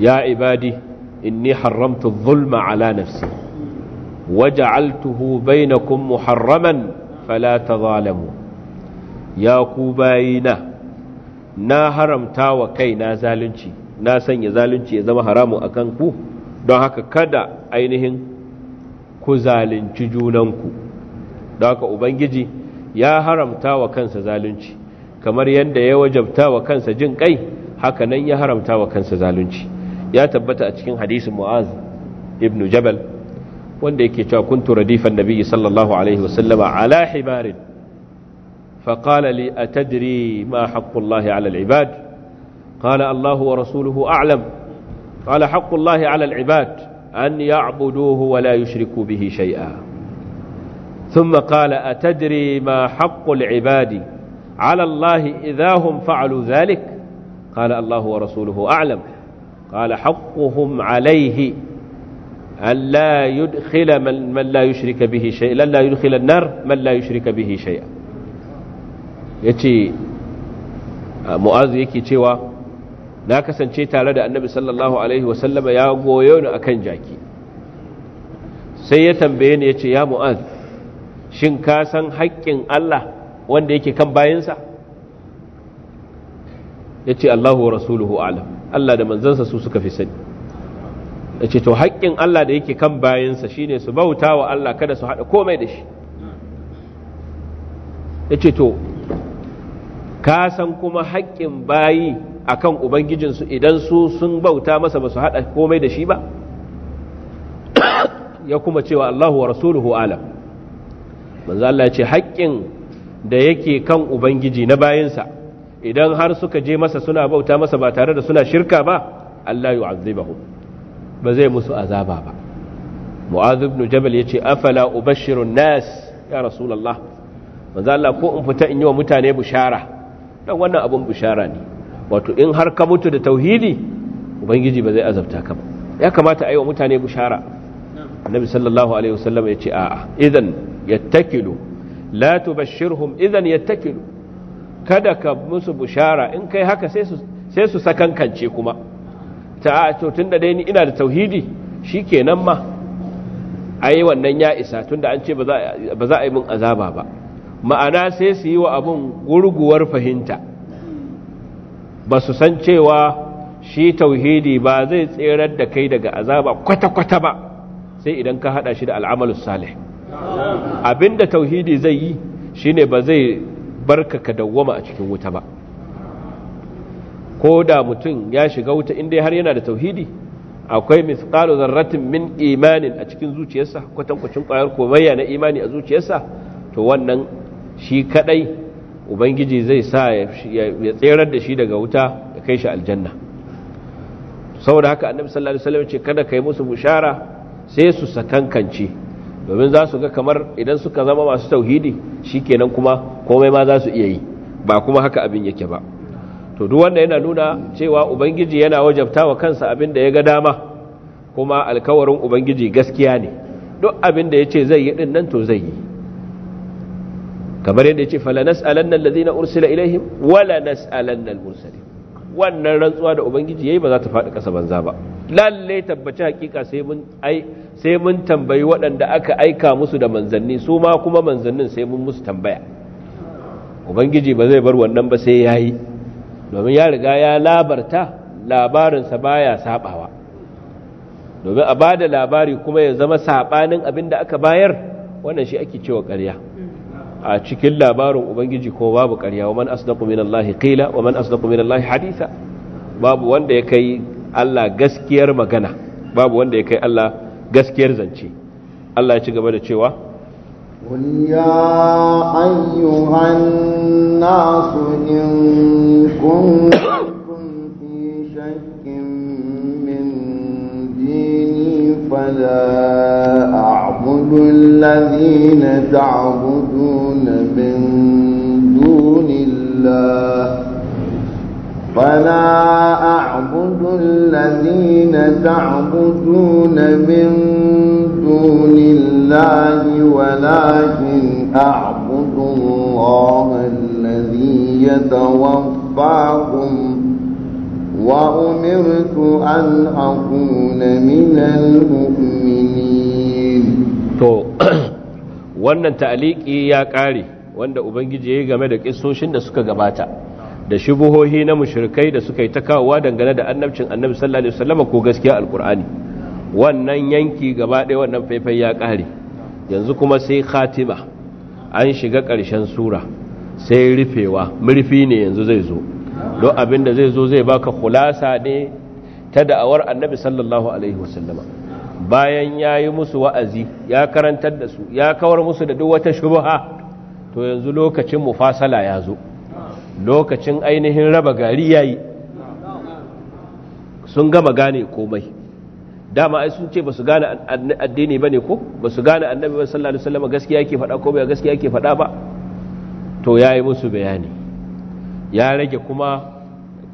S1: ya ibadi inni haramtu zulma ala nafsi waja'altuhu bainakum muharraman fala tazalamu ya ku bayina na haramta wa kaina zalunci na sanya zalunci ya zama haramu akan ku don haka kada ainihin ku zalunci junanku don haka ubangiji ya haramta wa kansa zalunci kamar yadda ya wajabta wa kansa jin kai haka nan ya haramta wa kansa zalunci ya tabbata a cikin hadisin mu'az ibn jabal wanda yake cewa kuntu radifan nabiyyi sallallahu alaihi wasallama ala hibarin ma لي أتدري ما حق الله على Allahu قال rasuluhu ورسوله أعلم قال حق الله على العباد أن يعبدوه ولا يشركوا به شيئا ثم قال أتدري ما حق العباد على الله إذا هم فعلوا ذلك قال الله ورسوله أعلم قال حقهم عليه أن لا يدخل من, من لا يشرك به شيئا لا يدخل النار من لا يشرك به شيئا يتي آه، مؤذيك يكي na kasance tare da annabi sallallahu alaihi wasallama ya goyo ni akan jaki sai ya tambaye ni ya ce ya mu'az shin ka san haƙƙin Allah wanda yake kan bayansa ya ce Allahu wa rasuluhu alam Allah da manzansa su suka fi sani ya ce to haƙƙin Allah da yake kan bayansa shine su bauta wa Allah kada su haɗa komai da shi ya ce to ka san kuma haƙƙin bayi akan ubangijinsu idan su sun bauta masa ba su haɗa komai da shi ba ya kuma cewa Allahu wa rasuluhu alam manzo Allah ya ce haƙƙin da yake kan ubangiji na bayinsa idan har suka je masa suna bauta masa ba tare da suna shirka ba Allah yu'azzibahum ba zai musu azaba ba mu'adh ibn jabal ce afala ubashiru nas ya rasulullah manzo Allah ko in fita in yi wa mutane bushara dan wannan abun bushara ne wato in har ka mutu da tauhidi ubangiji ba zai azabta ka ba ya kamata a yi wa mutane bushara annabi sallallahu alaihi wasallam ya ce a'a idan yattakilu la tubashshirhum idan yattakilu kada ka musu bushara in kai haka sai su sai su sakankance kuma ta to tunda dai ni ina da tauhidi shikenan ma ai wannan ya isa tunda an ce ba za a yi min azaba ba ma'ana sai su yi wa abun gurguwar fahimta ba su san cewa shi tauhidi ba zai tserar da kai daga azaba kwata-kwata ba sai idan ka hada shi da al'amalus salih abinda tauhidi zai yi shine ba zai barka ka dawwama a cikin wuta ba ko da mutum ya shiga wuta inda har yana da tauhidi akwai misqalu zarratin min imanin a cikin zuciyarsa kwatankwacin kwayar komayya na imani a zuciyarsa to wannan shi kadai ubangiji zai sa ya tserar da shi daga wuta ya kai shi aljanna saboda haka annabi sallallahu alaihi wasallam ce kada kai musu bushara sai su sakankance domin za su ga kamar idan suka zama masu tauhidi shikenan kuma komai ma za su iya yi ba kuma haka abin yake ba to duk wanda yana nuna cewa ubangiji yana wajabta wa kansa abin da ya ga dama kuma alkawarin ubangiji gaskiya ne duk abin da yace zai yi din nan to zai yi kamar yadda ya ce falanas alannan lazina ursila ilaihim walanas alannan mursalin wannan rantsuwa da ubangiji yayi ba za ta faɗi ƙasa banza ba lalle tabbaci hakika sai mun sai mun tambayi waɗanda aka aika musu da manzanni su ma kuma manzannin sai mun musu tambaya ubangiji ba zai bar wannan ba sai yayi domin ya riga ya labarta labarinsa baya sabawa domin a bada labari kuma ya zama saɓanin abin da aka bayar wannan shi ake cewa ƙarya a cikin labarin ubangiji ko babu ƙarya wa man asdaqu minallahi qila wa man asdaqu minallahi haditha babu wanda ya kai Allah gaskiyar magana babu wanda ya kai Allah gaskiyar zance Allah ya ci gaba da cewa
S2: قل يا أيها الناس إن كنتم في شك من ديني فلا أعبد الذين تعبدون من دون الله فلا أعبد الذين تعبدون من دون الله ولكن أعبد الله الذي يتوفاكم وأمرت أن أكون من المؤمنين
S1: wannan ta'aliki ya ƙare wanda ubangiji ya game da ƙisoshin da suka gabata da shubuhohi na mushrikai da suka yi ta kawowa dangane da annabcin annabi sallallahu alaihi wasallam ko gaskiya alqur'ani wannan yanki gaba ɗaya wannan faifai ya ƙare yanzu kuma sai khatima an shiga ƙarshen sura sai rufewa murfi ne yanzu zai zo don abin da zai zo zai baka khulasa ne ta da'awar annabi sallallahu alaihi wasallama bayan ya yi musu wa'azi ya karantar da su ya kawar musu da duk wata shubuha to yanzu lokacin mufasala ya zo lokacin ainihin raba gari ya yi sun gama gane komai dama ai sun ce ba su gane addini ba ne ko ba su gane annabi ba sallallahu alaihi wasallam gaskiya yake faɗa ko ba gaskiya yake faɗa ba to ya yi musu bayani ya rage kuma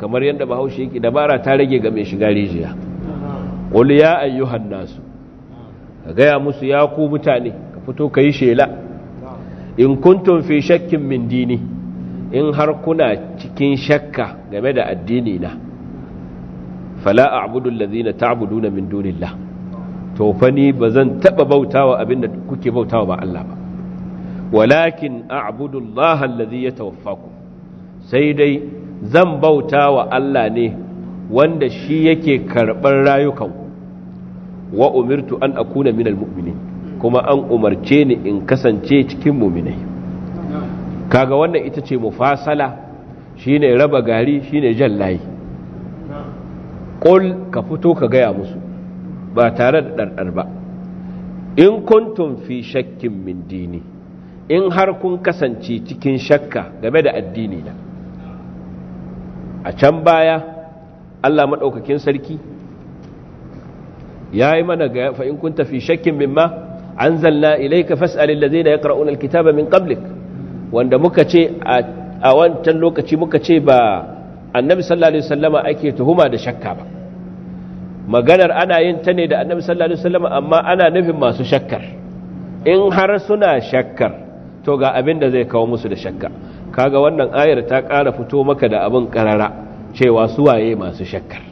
S1: kamar yadda bahaushe yake dabara ta rage ga mai shiga rijiya qul ya ayyuhan nasu ka gaya musu ya ku mutane ka fito ka yi shela in kun fi shakkin min dini in har kuna cikin shakka game da addini na fala a'budu allazina ta'buduna min dunillah to fa ni bazan taba bautawa da kuke bautawa ba Allah ba walakin a'budu allaha allazi yatawaffakum sai dai zan bautawa Allah ne wanda shi yake karɓar rayukanku wa umirtu an akuna minal mu'minin kuma an umarce ni in kasance cikin mu'minai kaga wannan ita ce mufasala shine raba gari shine jan layi qul ka fito ka gaya musu ba tare da ɗarɗar ba in kuntum fi shakkin min dini in har kun kasance cikin shakka game da addini na a can baya Allah maɗaukakin sarki Ya yi mana ga fa in kun tafi shakkin mimma anzalna ilayka fas'al alladhina yaqra'una alkitaba min qablik wanda muka ce a wancan lokaci muka ce ba annabi sallallahu ake tuhuma da shakka ba maganar ana yin ta ne da annabi sallallahu amma ana nufin masu shakkar in har suna shakkar to ga abin da zai kawo musu da shakka kaga wannan ayar ta ƙara fito maka da abin ƙarara cewa suwaye masu shakkar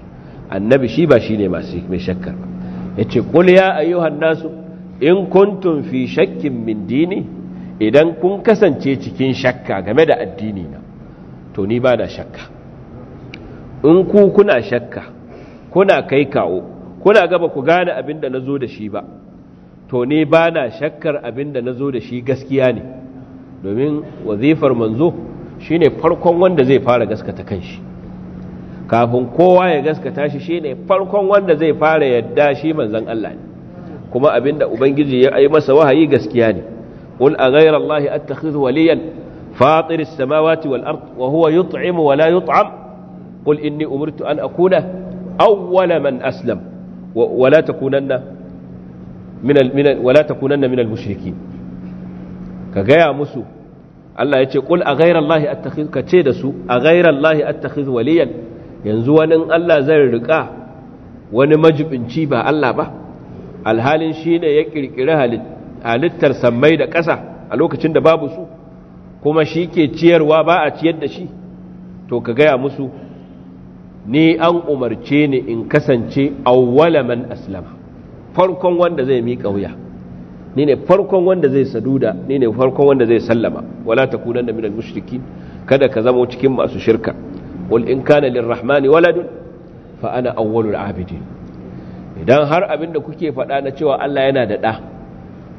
S1: annabi shi ba shine masu mai shakkar ba yace qul a yi hannasu in kuntun fi shakkin min dini idan kun kasance cikin shakka game da addini na to ni ba da shakka in ku kuna shakka kuna kai kawo kuna gaba ku gane abinda da zo da shi ba to ni ba na shakkar abinda na zo da shi gaskiya ne domin wazifar manzo shine farkon wanda zai fara gaskata kanshi kafin kowa ya gaskata shi shine farkon wanda zai fara yadda shi manzon Allah ne kuma abinda ubangiji ya yi masa wahayi gaskiya ne qul a ghayra allahi attakhidhu waliyan fatir as-samawati wal ard wa huwa yut'imu wa la yut'am qul inni umirtu an akuna awwala man aslam wa la takunanna min al wa la takunanna min al-mushrikin ka gaya musu Allah ya ce kul a ghayra allahi attakhidhu ka ce da su a ghayra allahi attakhidhu waliyan yanzu wani Allah zai riƙa wani majibinci ba Allah ba alhalin shi ne ya ƙirƙiri halittar sammai da ƙasa a lokacin da babu su kuma shi ke ciyarwa ba a ciyar da shi to ka gaya musu ni an umarce ni in kasance awwala man aslama farkon wanda zai miƙa wuya ni ne farkon wanda zai saduda ni ne farkon wanda zai sallama wala takunanna minal mushrikin kada ka zama cikin masu shirka qul in kana lirrahmani waladun fa ana awwalul abidin idan har abinda kuke faɗa na cewa Allah yana da ɗa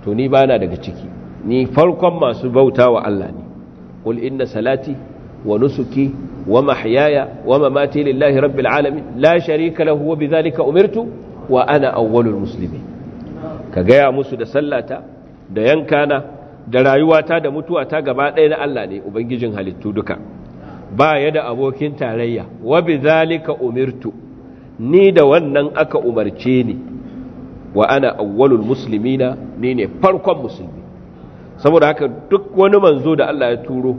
S1: to ni bana daga ciki ni farkon masu bauta wa Allah ne qul inna salati wa nusuki wa mahyaya wa mamati lillahi rabbil alamin la sharika lahu wa bidhalika umirtu wa ana awwalul muslimin ka gaya musu da sallata da yankana da rayuwata da mutuwata gaba ɗaya na Allah ne ubangijin halittu duka ba ya da abokin tarayya wa bi zalika umirtu ni da wannan aka umarce ni wa ana awwalul muslimina ni ne farkon musulmi saboda haka duk wani manzo da Allah ya turo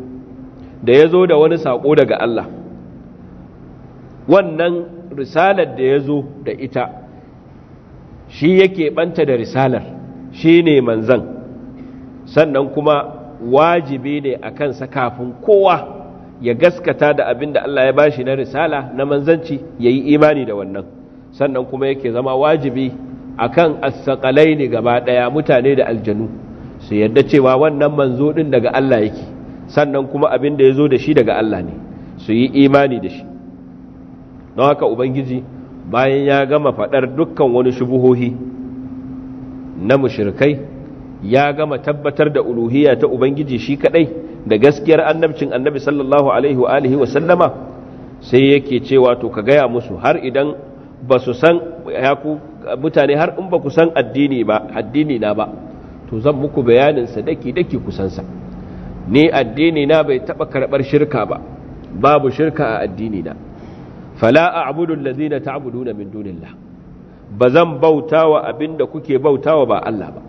S1: da ya zo da wani sako daga Allah wannan risalar da ya zo da ita shi yake banta da risalar shi ne manzan sannan kuma wajibi ne a kansa kafin kowa ya gaskata da abin da Allah ya ba shi na risala na manzanci ya yi imani da wannan sannan kuma yake zama wajibi a kan assaƙalai ne gaba ɗaya mutane da aljanu su yadda cewa wannan manzo ɗin daga Allah yake sannan kuma abin da ya zo da shi daga Allah ne su yi imani da shi don haka ubangiji bayan ya gama faɗar dukkan wani shubuhohi na mushrikai ya gama tabbatar da uluhiyya ta ubangiji shi kaɗai da gaskiyar annabcin annabi sallallahu alaihi wa alihi wa sallama sai yake cewa to ka gaya musu har idan ba su san ya ku mutane har in ba ku san addini ba addini na ba to zan muku bayanin sa daki daki ku san sa ni addini na bai taba karbar shirka ba babu shirka a addini na fala a'budu allazina ta'buduna min dunillah bazan bautawa abinda kuke bautawa ba Allah ba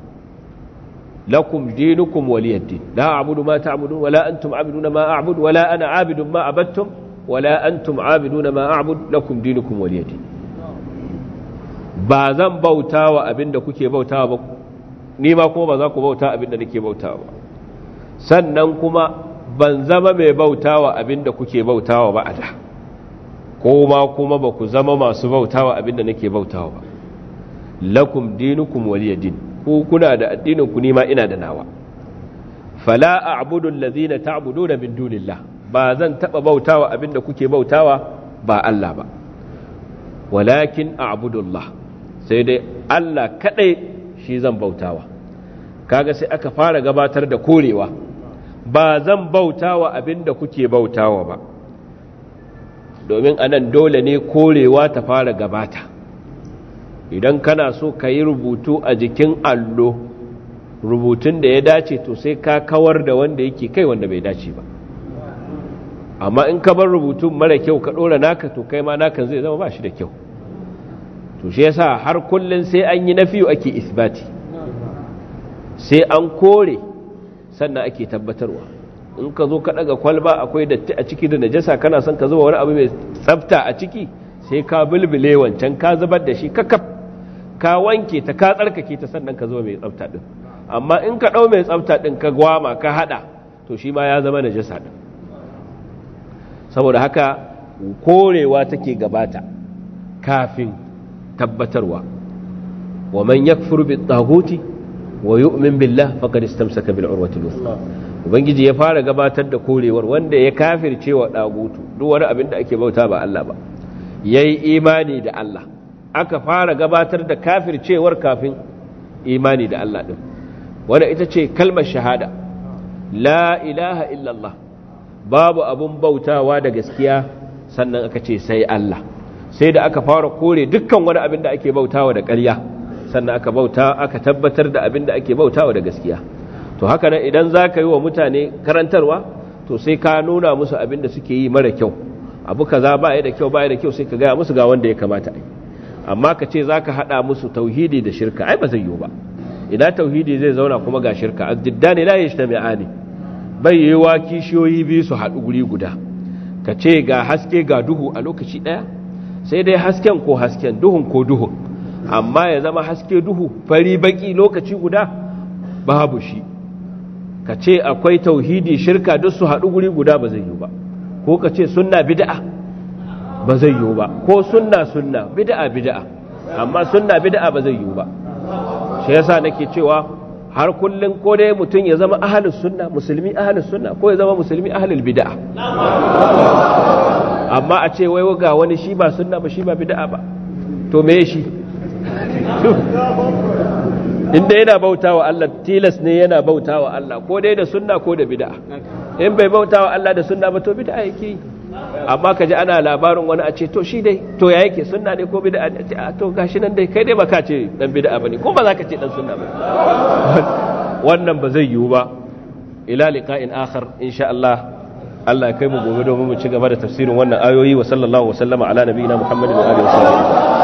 S1: lakum dinukum waliyaddin la a'budu ma ta'budun wala antum a'buduna ma a'budu wala ana a'budun ma abattum wala antum a'buduna ma a'budu lakum dinukum waliyaddin ba zan bautawa abinda kuke bautawa ba ni ma kuma ba za ku bauta abinda nake bautawa sannan kuma ban zama mai bautawa abinda kuke bautawa ba a da ko ma kuma ba ku zama masu bautawa abinda nake bautawa lakum dinukum waliyadin ku kuna da addinin ku nima ina da nawa fala a'budu allazina ta'buduna min dunillah ba zan taba bautawa abinda kuke bautawa ba Allah ba walakin a'budu Allah sai dai Allah kadai shi zan bautawa kaga sai aka fara gabatar da korewa ba zan bautawa abinda kuke bautawa ba domin anan dole ne korewa ta fara gabata idan kana so ka yi rubutu a jikin allo rubutun da ya dace to sai ka kawar da wanda yake kai wanda bai dace ba amma in ka bar rubutun mara kyau ka ɗora naka to kai ma naka zai zama ba shi da kyau to shi yasa har kullun sai an yi nafiyu ake isbati sai an kore sannan ake tabbatarwa in ka zo ka ɗaga kwalba akwai datti a ciki da najasa kana son ka zuba wani abu mai tsafta a ciki sai ka bilbile wancan ka zubar da shi kakaf ka wanke ta ka tsarkake ta sannan ka zo mai tsafta din amma in ka ɗau mai tsafta din ka gwama ka haɗa to shi ma ya zama najasa din saboda haka korewa take gabata kafin tabbatarwa wa man yakfur bi taghuti wa yu'min billah faqad istamsaka bil urwati al ubangiji ya fara gabatar da korewar wanda ya kafirce wa dagutu duk wani abin da ake bauta ba Allah ba yayi imani da Allah aka fara gabatar da cewar kafin imani da Allah ɗin. wadda ita ce kalmar shahada la ilaha illallah babu abun bautawa da gaskiya sannan aka ce sai Allah sai da aka fara kore dukkan wani abin da ake bautawa da ƙarya sannan aka bauta aka tabbatar da abin da ake bautawa da gaskiya to haka nan idan za ka yi wa mutane karantarwa to sai ka nuna musu abin da suke yi mara kyau abu kaza ba ya da kyau ba ya da kyau sai ka gaya musu ga wanda ya kamata a amma ka ce za ka haɗa musu tauhidi da shirka ai ba zai yiwu ba ina tauhidi zai zauna kuma ga shirka ne addiddani la yajtami'ani bai wa kishiyoyi biyu su haɗu guri guda ka ce ga haske ga duhu a lokaci ɗaya sai dai hasken ko hasken duhun ko duhun amma ya zama haske duhu fari baki lokaci guda babu shi ka ce akwai tauhidi shirka duk su haɗu guri guda ba zai yiwu ba ko ka ce sunna bid'a ba zai yiwu ba ko sunna sunna bid'a bid'a amma sunna bid'a ba zai yiwu ba shi yasa nake cewa har kullun ko dai mutum ya zama ahlus sunna musulmi ahlus sunna ko ya zama musulmi ahlul bid'a amma a ce wai ga wani shi ba sunna ba shi ba bid'a ba to me shi inda yana bautawa Allah tilas ne yana bautawa Allah ko dai da sunna ko da bid'a in bai bautawa Allah da sunna ba to bid'a yake yi amma ka ji ana labarin wani a ce to shi dai to ya yake sunna ne ko bid'a ne a to gashi nan dai kai dai baka ce dan bid'a ne ko ba za ka ce dan sunna ba. wannan ba zai yiwu ba ila liqa'in akhar insha Allah Allah ya kai mu gobe domin mu ci gaba da tafsirin wannan ayoyi wa sallallahu wa sallama ala nabiyina Muhammadin wa alihi wa sallam.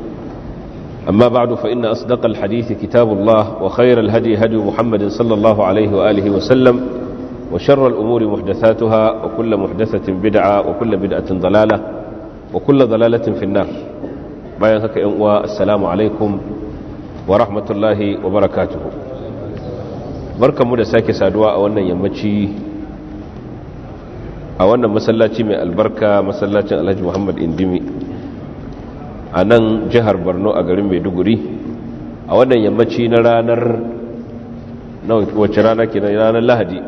S1: أما بعد فإن أصدق الحديث كتاب الله وخير الهدي هدي محمد صلى الله عليه وآله وسلم وشر الأمور محدثاتها وكل محدثة بدعة وكل بدعة ضلالة وكل ضلالة في النار ما ينهك السلام عليكم ورحمة الله وبركاته بركة مدى ساكي سادواء وانا يمتشي a wannan masallaci mai albarka masallacin alhaji muhammad indimi a nan jihar borno a garin maiduguri a wannan yammaci na ranar wacce rana ke ranar lahadi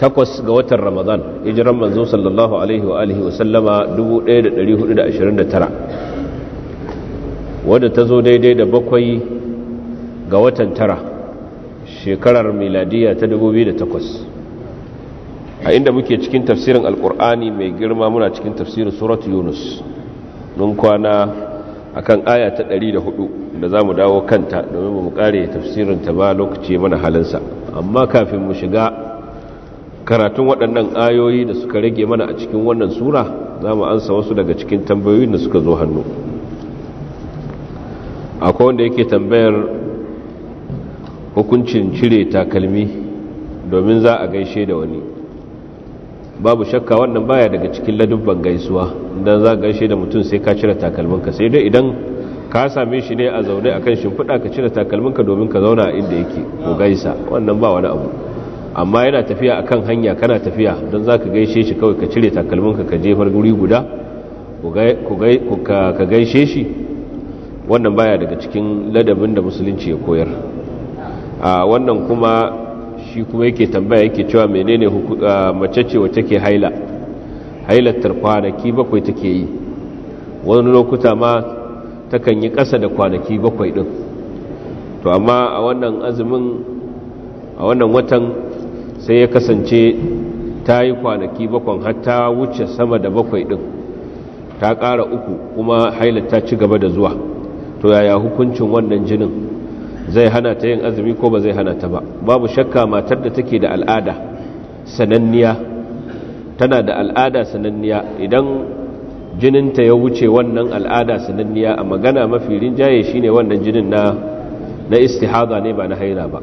S1: takwas ga watan ramadan ijiran manzo sallallahu alaihi wa alihi wa sallama 1429 wadda ta zo daidai da bakwai ga watan tara shekarar miladiya ta 2008 a inda muke cikin tafsirin alkur'ani mai girma muna cikin tafsirin surat yunus Mun kwana a kan aya ta ɗari da za mu dawo kanta domin mu kare ta ba lokaci mana halinsa amma kafin mu shiga karatun waɗannan ayoyi da suka rage mana a cikin wannan sura za mu ansa wasu daga cikin tambayoyin da suka zo hannu akwai wanda yake tambayar hukuncin cire takalmi domin za a gaishe da wani babu shakka wannan baya daga cikin ladubban gaisuwa idan za gaishe da mutum sai ka cire takalminka sai dai idan ka same shi ne a zaune akan shimfiɗa ka cire takalminka domin ka zauna inda yake ko gaisa wannan ba wani abu amma yana tafiya akan hanya kana tafiya don za ka gaishe shi kawai ka cire takalminka ka jefar guri guda ka gaishe shi wannan baya daga cikin ladabin da musulunci ya koyar a wannan kuma shi kuma yake tambaya yake cewa menene mace ce wacce ke haila hailatar kwanaki bakwai take yi wani lokuta ma takan yi kasa da kwanaki bakwai ɗin to amma a wannan azumin a wannan watan sai ya kasance ta yi kwanaki bakwan hatta wuce sama da bakwai ɗin ta ƙara uku kuma hailar ta ci gaba da zuwa to yaya hukuncin wannan jinin zai hana ta yin azumi ko ba zai hana ta ba babu shakka matar da take da al'ada sananniya tana da al'ada sananniya idan jininta ya wuce wannan al'ada sananniya a magana mafi rinjaye shine wannan jinin na na istihada ne ba na haila ba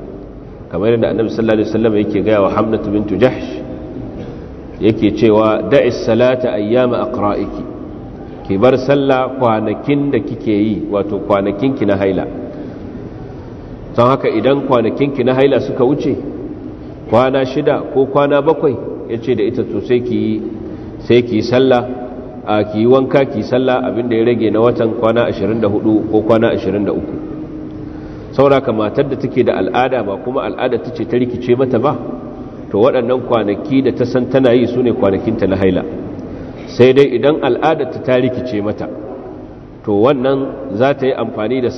S1: kamar yadda annabi sallallahu alaihi wasallam yake gaya wa hamnatu bintu jahsh yake cewa da'is salata ayyama aqra'iki ki bar sallah kwanakin da kike yi wato kwanakin ki na haila don haka idan kwanakin ki na haila suka wuce kwana shida ko kwana bakwai ya ce da ita to sai ki yi sallah a ki yi wanka ki sallah abinda ya rage na watan kwana 24 ko kwana 23 sauraka matar da take da al'ada ba kuma al'ada ta ce ta rikice mata ba to waɗannan kwanaki da ta san tana yi su ne kwanakinta na haila sai dai idan al'ada ta ta rikice mata to wannan za ta yi amfani da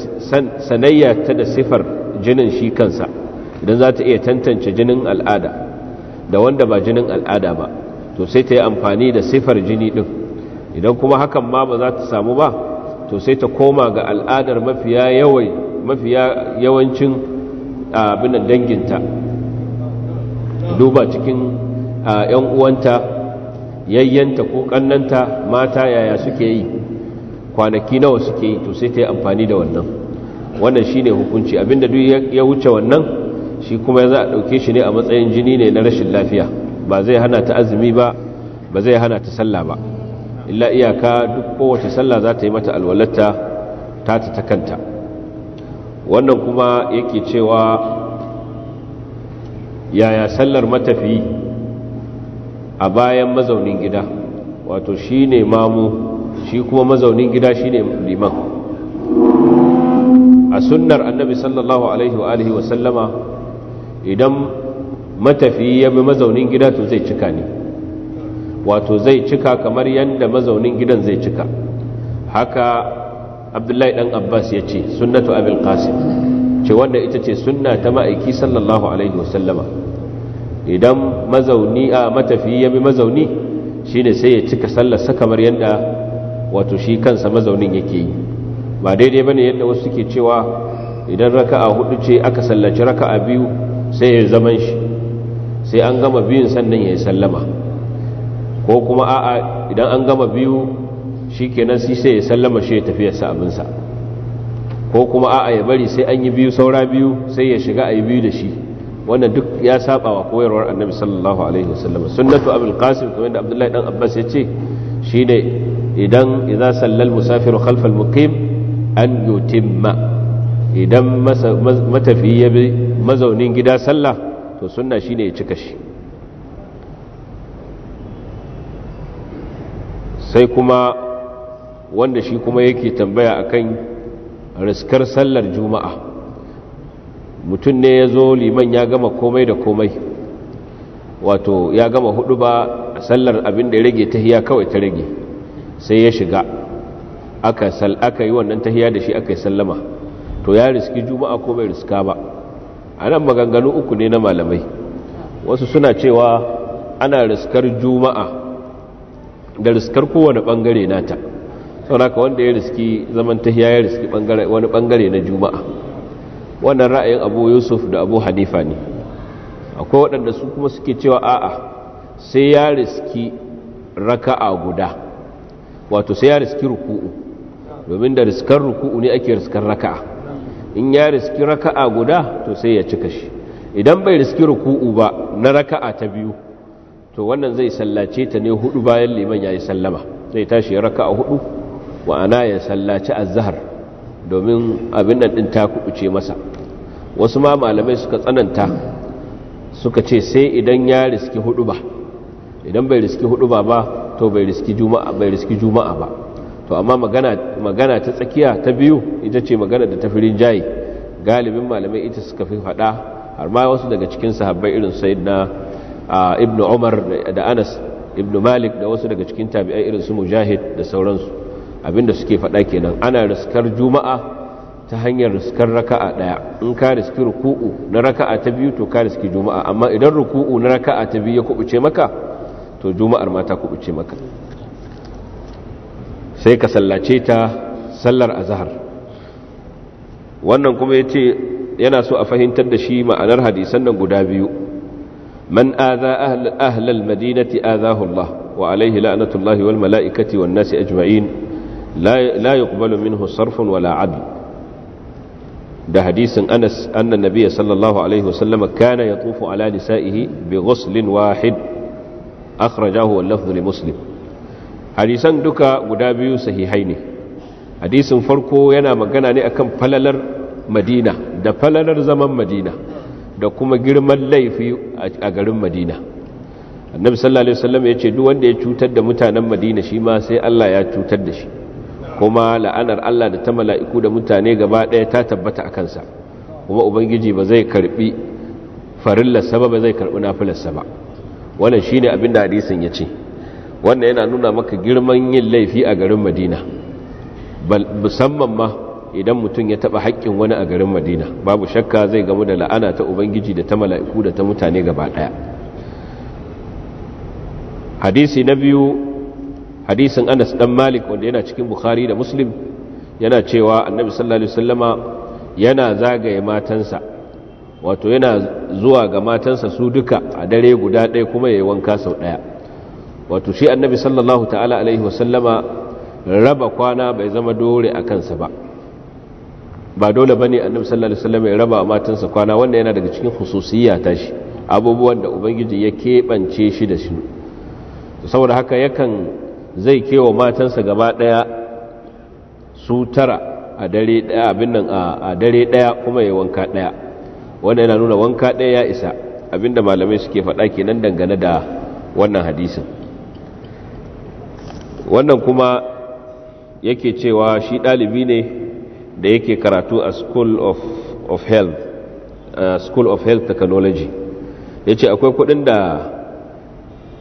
S1: sanayya ta da sifar jinin shi kansa idan za ta iya tantance jinin al'ada da wanda ba jinin al'ada ba to sai ta yi amfani da sifar jini ɗin idan kuma hakan ma ba za ta samu ba to sai ta koma ga al'adar mafiya yawancin abinan danginta duba cikin yan uwanta yayyanta ko kannanta mata yaya suke yi kwanaki nawa suke yi to sai ta yi amfani da wannan wannan shine hukunci abinda duk ya wuce wannan shi kuma za a dauke shi ne a matsayin jini ne na rashin lafiya ba zai hana ta azumi ba ba zai hana ta sallah ba illa iyaka duk kowace sallah za ta yi mata alwalarta ta ta kanta wannan kuma yake cewa yaya sallar matafi a bayan mazaunin gida wato shi ne mamu shi kuma mazaunin gida shi ne liman a sunnar annabi sallallahu alaihi wa alihi wasallama idan matafiyi ya bi mazaunin gida to zai cika ne wato zai cika kamar yadda mazaunin gidan zai cika haka abdullahi dan abbas ya ce sunnatu abin qasim ce wanda ita ce sunna ta ma'aiki sallallahu alaihi wasallama idan mazauni a matafiyi ya bi mazauni shi ne sai ya cika sallarsa kamar yadda wato shi kansa mazaunin yake yi ba daidai ne yadda wasu ke cewa idan raka'a hudu ce aka sallaci raka'a biyu sai ya zaman shi sai an gama biyun sannan ya yi sallama ko kuma a'a idan an gama biyu shi shikenan sai sai ya sallama shi ya tafi ya abinsa ko kuma a'a ya bari sai an yi biyu saura biyu sai ya shiga a yi biyu da shi wannan duk ya saba wa koyarwar annabi sallallahu alaihi wasallam sunnatu abul qasim kamar da abdullahi dan abbas ya ce shine idan idza sallal musafiru khalfal muqim an yutimma idan matafiyi ya bi mazaunin gida sallah to sunna ne ya cika shi sai kuma wanda shi kuma yake tambaya a kan riskar sallar juma'a mutum ne ya zo liman ya gama komai da komai wato ya gama hudu ba sallar abin da ya rage ta hiya kawai ta rage sai ya shiga aka sal aka yi wannan tahiya da shi aka yi sallama to ya riski juma'a ko bai riska ba anan maganganu uku ne na malamai wasu suna cewa ana riskar juma'a da riskar kowane bangare nata sauraka wanda ya riski zaman tahiya ya riski wani bangare na juma'a wannan ra'ayin abu yusuf da abu hanifa ne akwai waɗanda su kuma suke cewa a'a sai ya riski raka'a guda wato sai ya riski ruku'u domin da riskar ruku'u ne ake riskar raka'a in ya riski raka'a guda to sai ya cika shi idan bai riski ruku'u ba na raka'a ta biyu to wannan zai sallace ta ne hudu bayan liman ya yi sallama zai tashi ya raka'a hudu wa'ana ya sallaci azhar domin abin nan din ta kubuce masa wasu ma malamai suka tsananta suka ce sai idan ya riski hudu ba idan bai riski hudu ba ba to bai bai riski juma'a ba to amma magana ta tsakiya ta biyu ita ce magana da tafi rinjaye galibin malamai ita suka fi faɗa har ma wasu daga cikin sahabbai irin sayid na ibn umar da anas ibnu malik da wasu daga cikin tabi'ai irin su mujahid da sauransu abinda suke faɗa kenan ana riskar juma'a ta hanyar riskar raka'a ɗaya in ka riski ruku'u na raka'a ta biyu to ka riski juma'a amma idan ruku'u na raka'a ta biyu ya kubuce maka to juma'ar ma ta kubuce maka sai ka sallace ta sallar azhar wannan kuma yace yana so a fahimtar da shi ma'anar hadisan nan guda biyu man aza ahlal madinati azahu Allah wa alaihi la'natullahi wal mala'ikati wan nasi ajma'in la yuqbalu minhu sarfun wala 'adl da hadisin Anas annan nabiya sallallahu alaihi wasallam kana yatufu ala nisa'ihi bi ghuslin wahid akhrajahu wal lafdh li muslim hadisan duka guda biyu sahihai ne hadisin farko yana magana ne akan falalar madina da falalar zaman madina da kuma girman laifi a garin madina annabi sallallahu alaihi wasallam ya ce duk wanda ya cutar da mutanen madina shi ma sai Allah ya cutar da shi kuma la'anar Allah da ta mala'iku da mutane gaba ɗaya ta tabbata a kansa kuma ubangiji ba zai karbi farillarsa ba ba zai karbi nafilarsa ba wannan shine abin da hadisin ya ce wannan yana nuna maka girman yin laifi a garin madina musamman ma idan mutum ya taba haƙƙin wani a garin madina babu shakka zai gamu da la'ana ta ubangiji da ta mala'iku da ta mutane gaba ɗaya hadisi na biyu hadisin anas dan malik wanda yana cikin bukhari da muslim yana cewa annabi sallallahu alaihi wasallama yana zagaye matansa wato yana zuwa ga matansa su duka a dare guda ɗaya kuma ya yi wanka sau ɗaya wato shi annabi sallallahu ta'ala alaihi wasallama raba kwana bai zama dole a kansa ba ba dole ba ne annabi sallallahu alaihi sallama ya raba matansa kwana wanda yana daga cikin khususiyya ta shi abubuwan da ubangiji ya keɓance shi da shi saboda haka yakan zai kewa matansa gaba ɗaya su tara a dare daya abin nan a dare ɗaya kuma ya wanka ɗaya wanda yana nuna wanka ɗaya ya isa abinda malamai suke faɗa kenan dangane da wannan hadisin wannan kuma yake cewa shi ɗalibi ne da yake karatu a school of, of health school of health technology ya ce akwai kudin da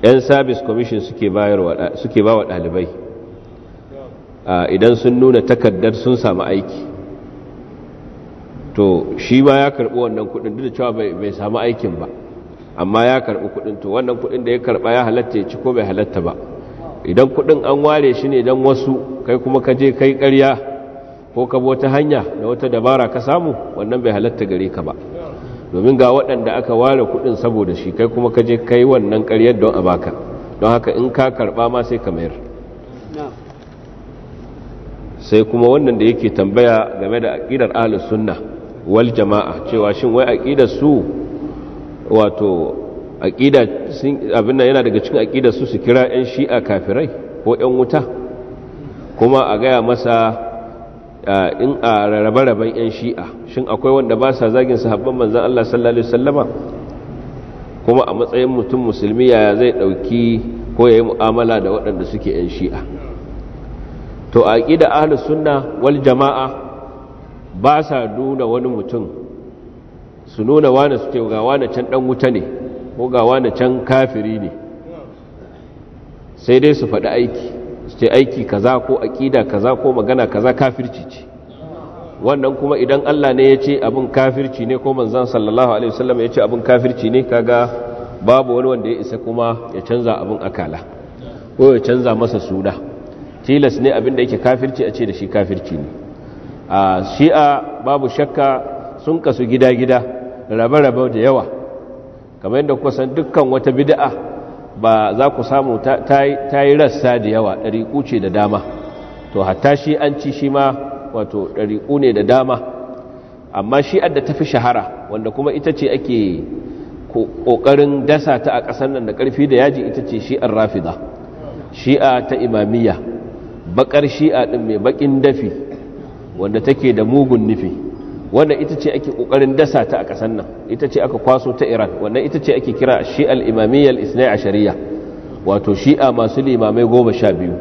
S1: 'yan service commission suke ba wa ɗalibai idan sun nuna takardar sun samu aiki to shi ma ya karɓi wannan kudin duk da cewa bai samu aikin ba amma ya karɓi kudin to wannan kudin da ya karba ya halatta ya ci ko bai halatta ba idan kudin an ware shi ne don wasu kai kuma ka je kai karya ko ka wata hanya da wata dabara ka samu wannan bai halatta gare ka ba domin ga waɗanda aka ware kudin saboda shi kai kuma ka je kai wannan karya don a baka don haka in ka karɓa ma sai ka mayar sai kuma wannan da yake tambaya game da aƙidar ahlus sunna wal jama'a cewa shin wai aƙidar su wato aqida abin nan yana daga cikin aqida su su kira ƴan shi'a kafirai ko ƴan wuta kuma a gaya masa in a rarrabe-raben ƴan shi'a shin akwai wanda ba sa zagin sahabban manzon Allah sallallahu alaihi wasallama kuma a matsayin mutum musulmi yaya zai ɗauki ko yayi mu'amala da waɗanda suke ƴan shi'a to a aqida ahlus sunna wal jama'a ba sa nuna wani mutum su nuna wane su ga wane can ɗan wuta ne ko ga wani can kafiri ne sai dai su faɗi aiki su ce aiki kaza ko aƙida kaza ko magana kaza kafirci ce wannan kuma idan Allah ne ya ce abin kafirci ne ko manzan sallallahu alaihi wasallam ya ce abin kafirci ne kaga babu wani wanda ya isa kuma ya canza abin akala ko ya canza masa suna tilas ne abin da yake kafirci a ce da shi kafirci ne a shi'a babu shakka sun kasu gida-gida rabe-rabe da yawa kamar yadda kuka san dukkan wata bid'a ba za ku samu ta yi rassa da yawa ɗariƙu ce da dama to hatta shi an ci shi ma wato ɗariƙu ne da dama amma shi adda ta fi shahara wanda kuma ita ce ake ƙoƙarin dasa ta a ƙasar nan da ƙarfi da yaji ita ce shi'ar rafida shi'a ta imamiyya baƙar shi'a ɗin mai baƙin dafi wanda take da mugun nufi wannan ita ce ake kokarin dasa ta a ƙasar nan ita ce aka kwaso ta Iran wannan ita ce ake kira Shi'al Imamiyyal a Ashariya wato Shi'a masu limamai goma sha biyu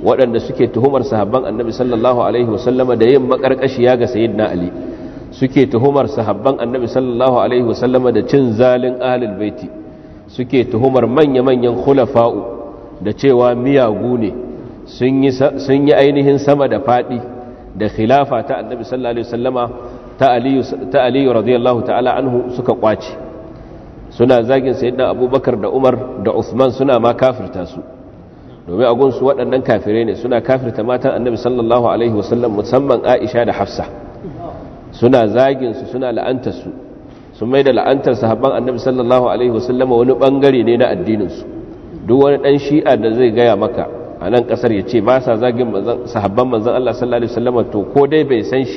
S1: waɗanda suke tuhumar sahabban Annabi sallallahu alaihi wasallama da yin makarkashiya ga na Ali suke tuhumar sahabban Annabi sallallahu alaihi wasallama da cin zalin ahlul baiti suke tuhumar manya-manyan khulafa'u da cewa miyagu ne sun yi ainihin sama da faɗi da khilafa ta annabi sallallahu alaihi wasallama ta aliyu radiyallahu ta'ala anhu suka kwace suna zagin sayyidina abubakar da umar da usman suna ma kafirta su domin agunsu waɗannan kafirai ne suna kafirta matan annabi sallallahu alaihi wasallam musamman aisha da hafsa suna zagin su suna la'antar su sun mai da la'antar sahabban annabi sallallahu alaihi wasallam wani bangare ne na addinin su duk wani dan shi'a da zai gaya maka a nan kasar ya ce ba sa zagin sahabban manzon Allah sallallahu alaihi wasallam to ko dai bai san shi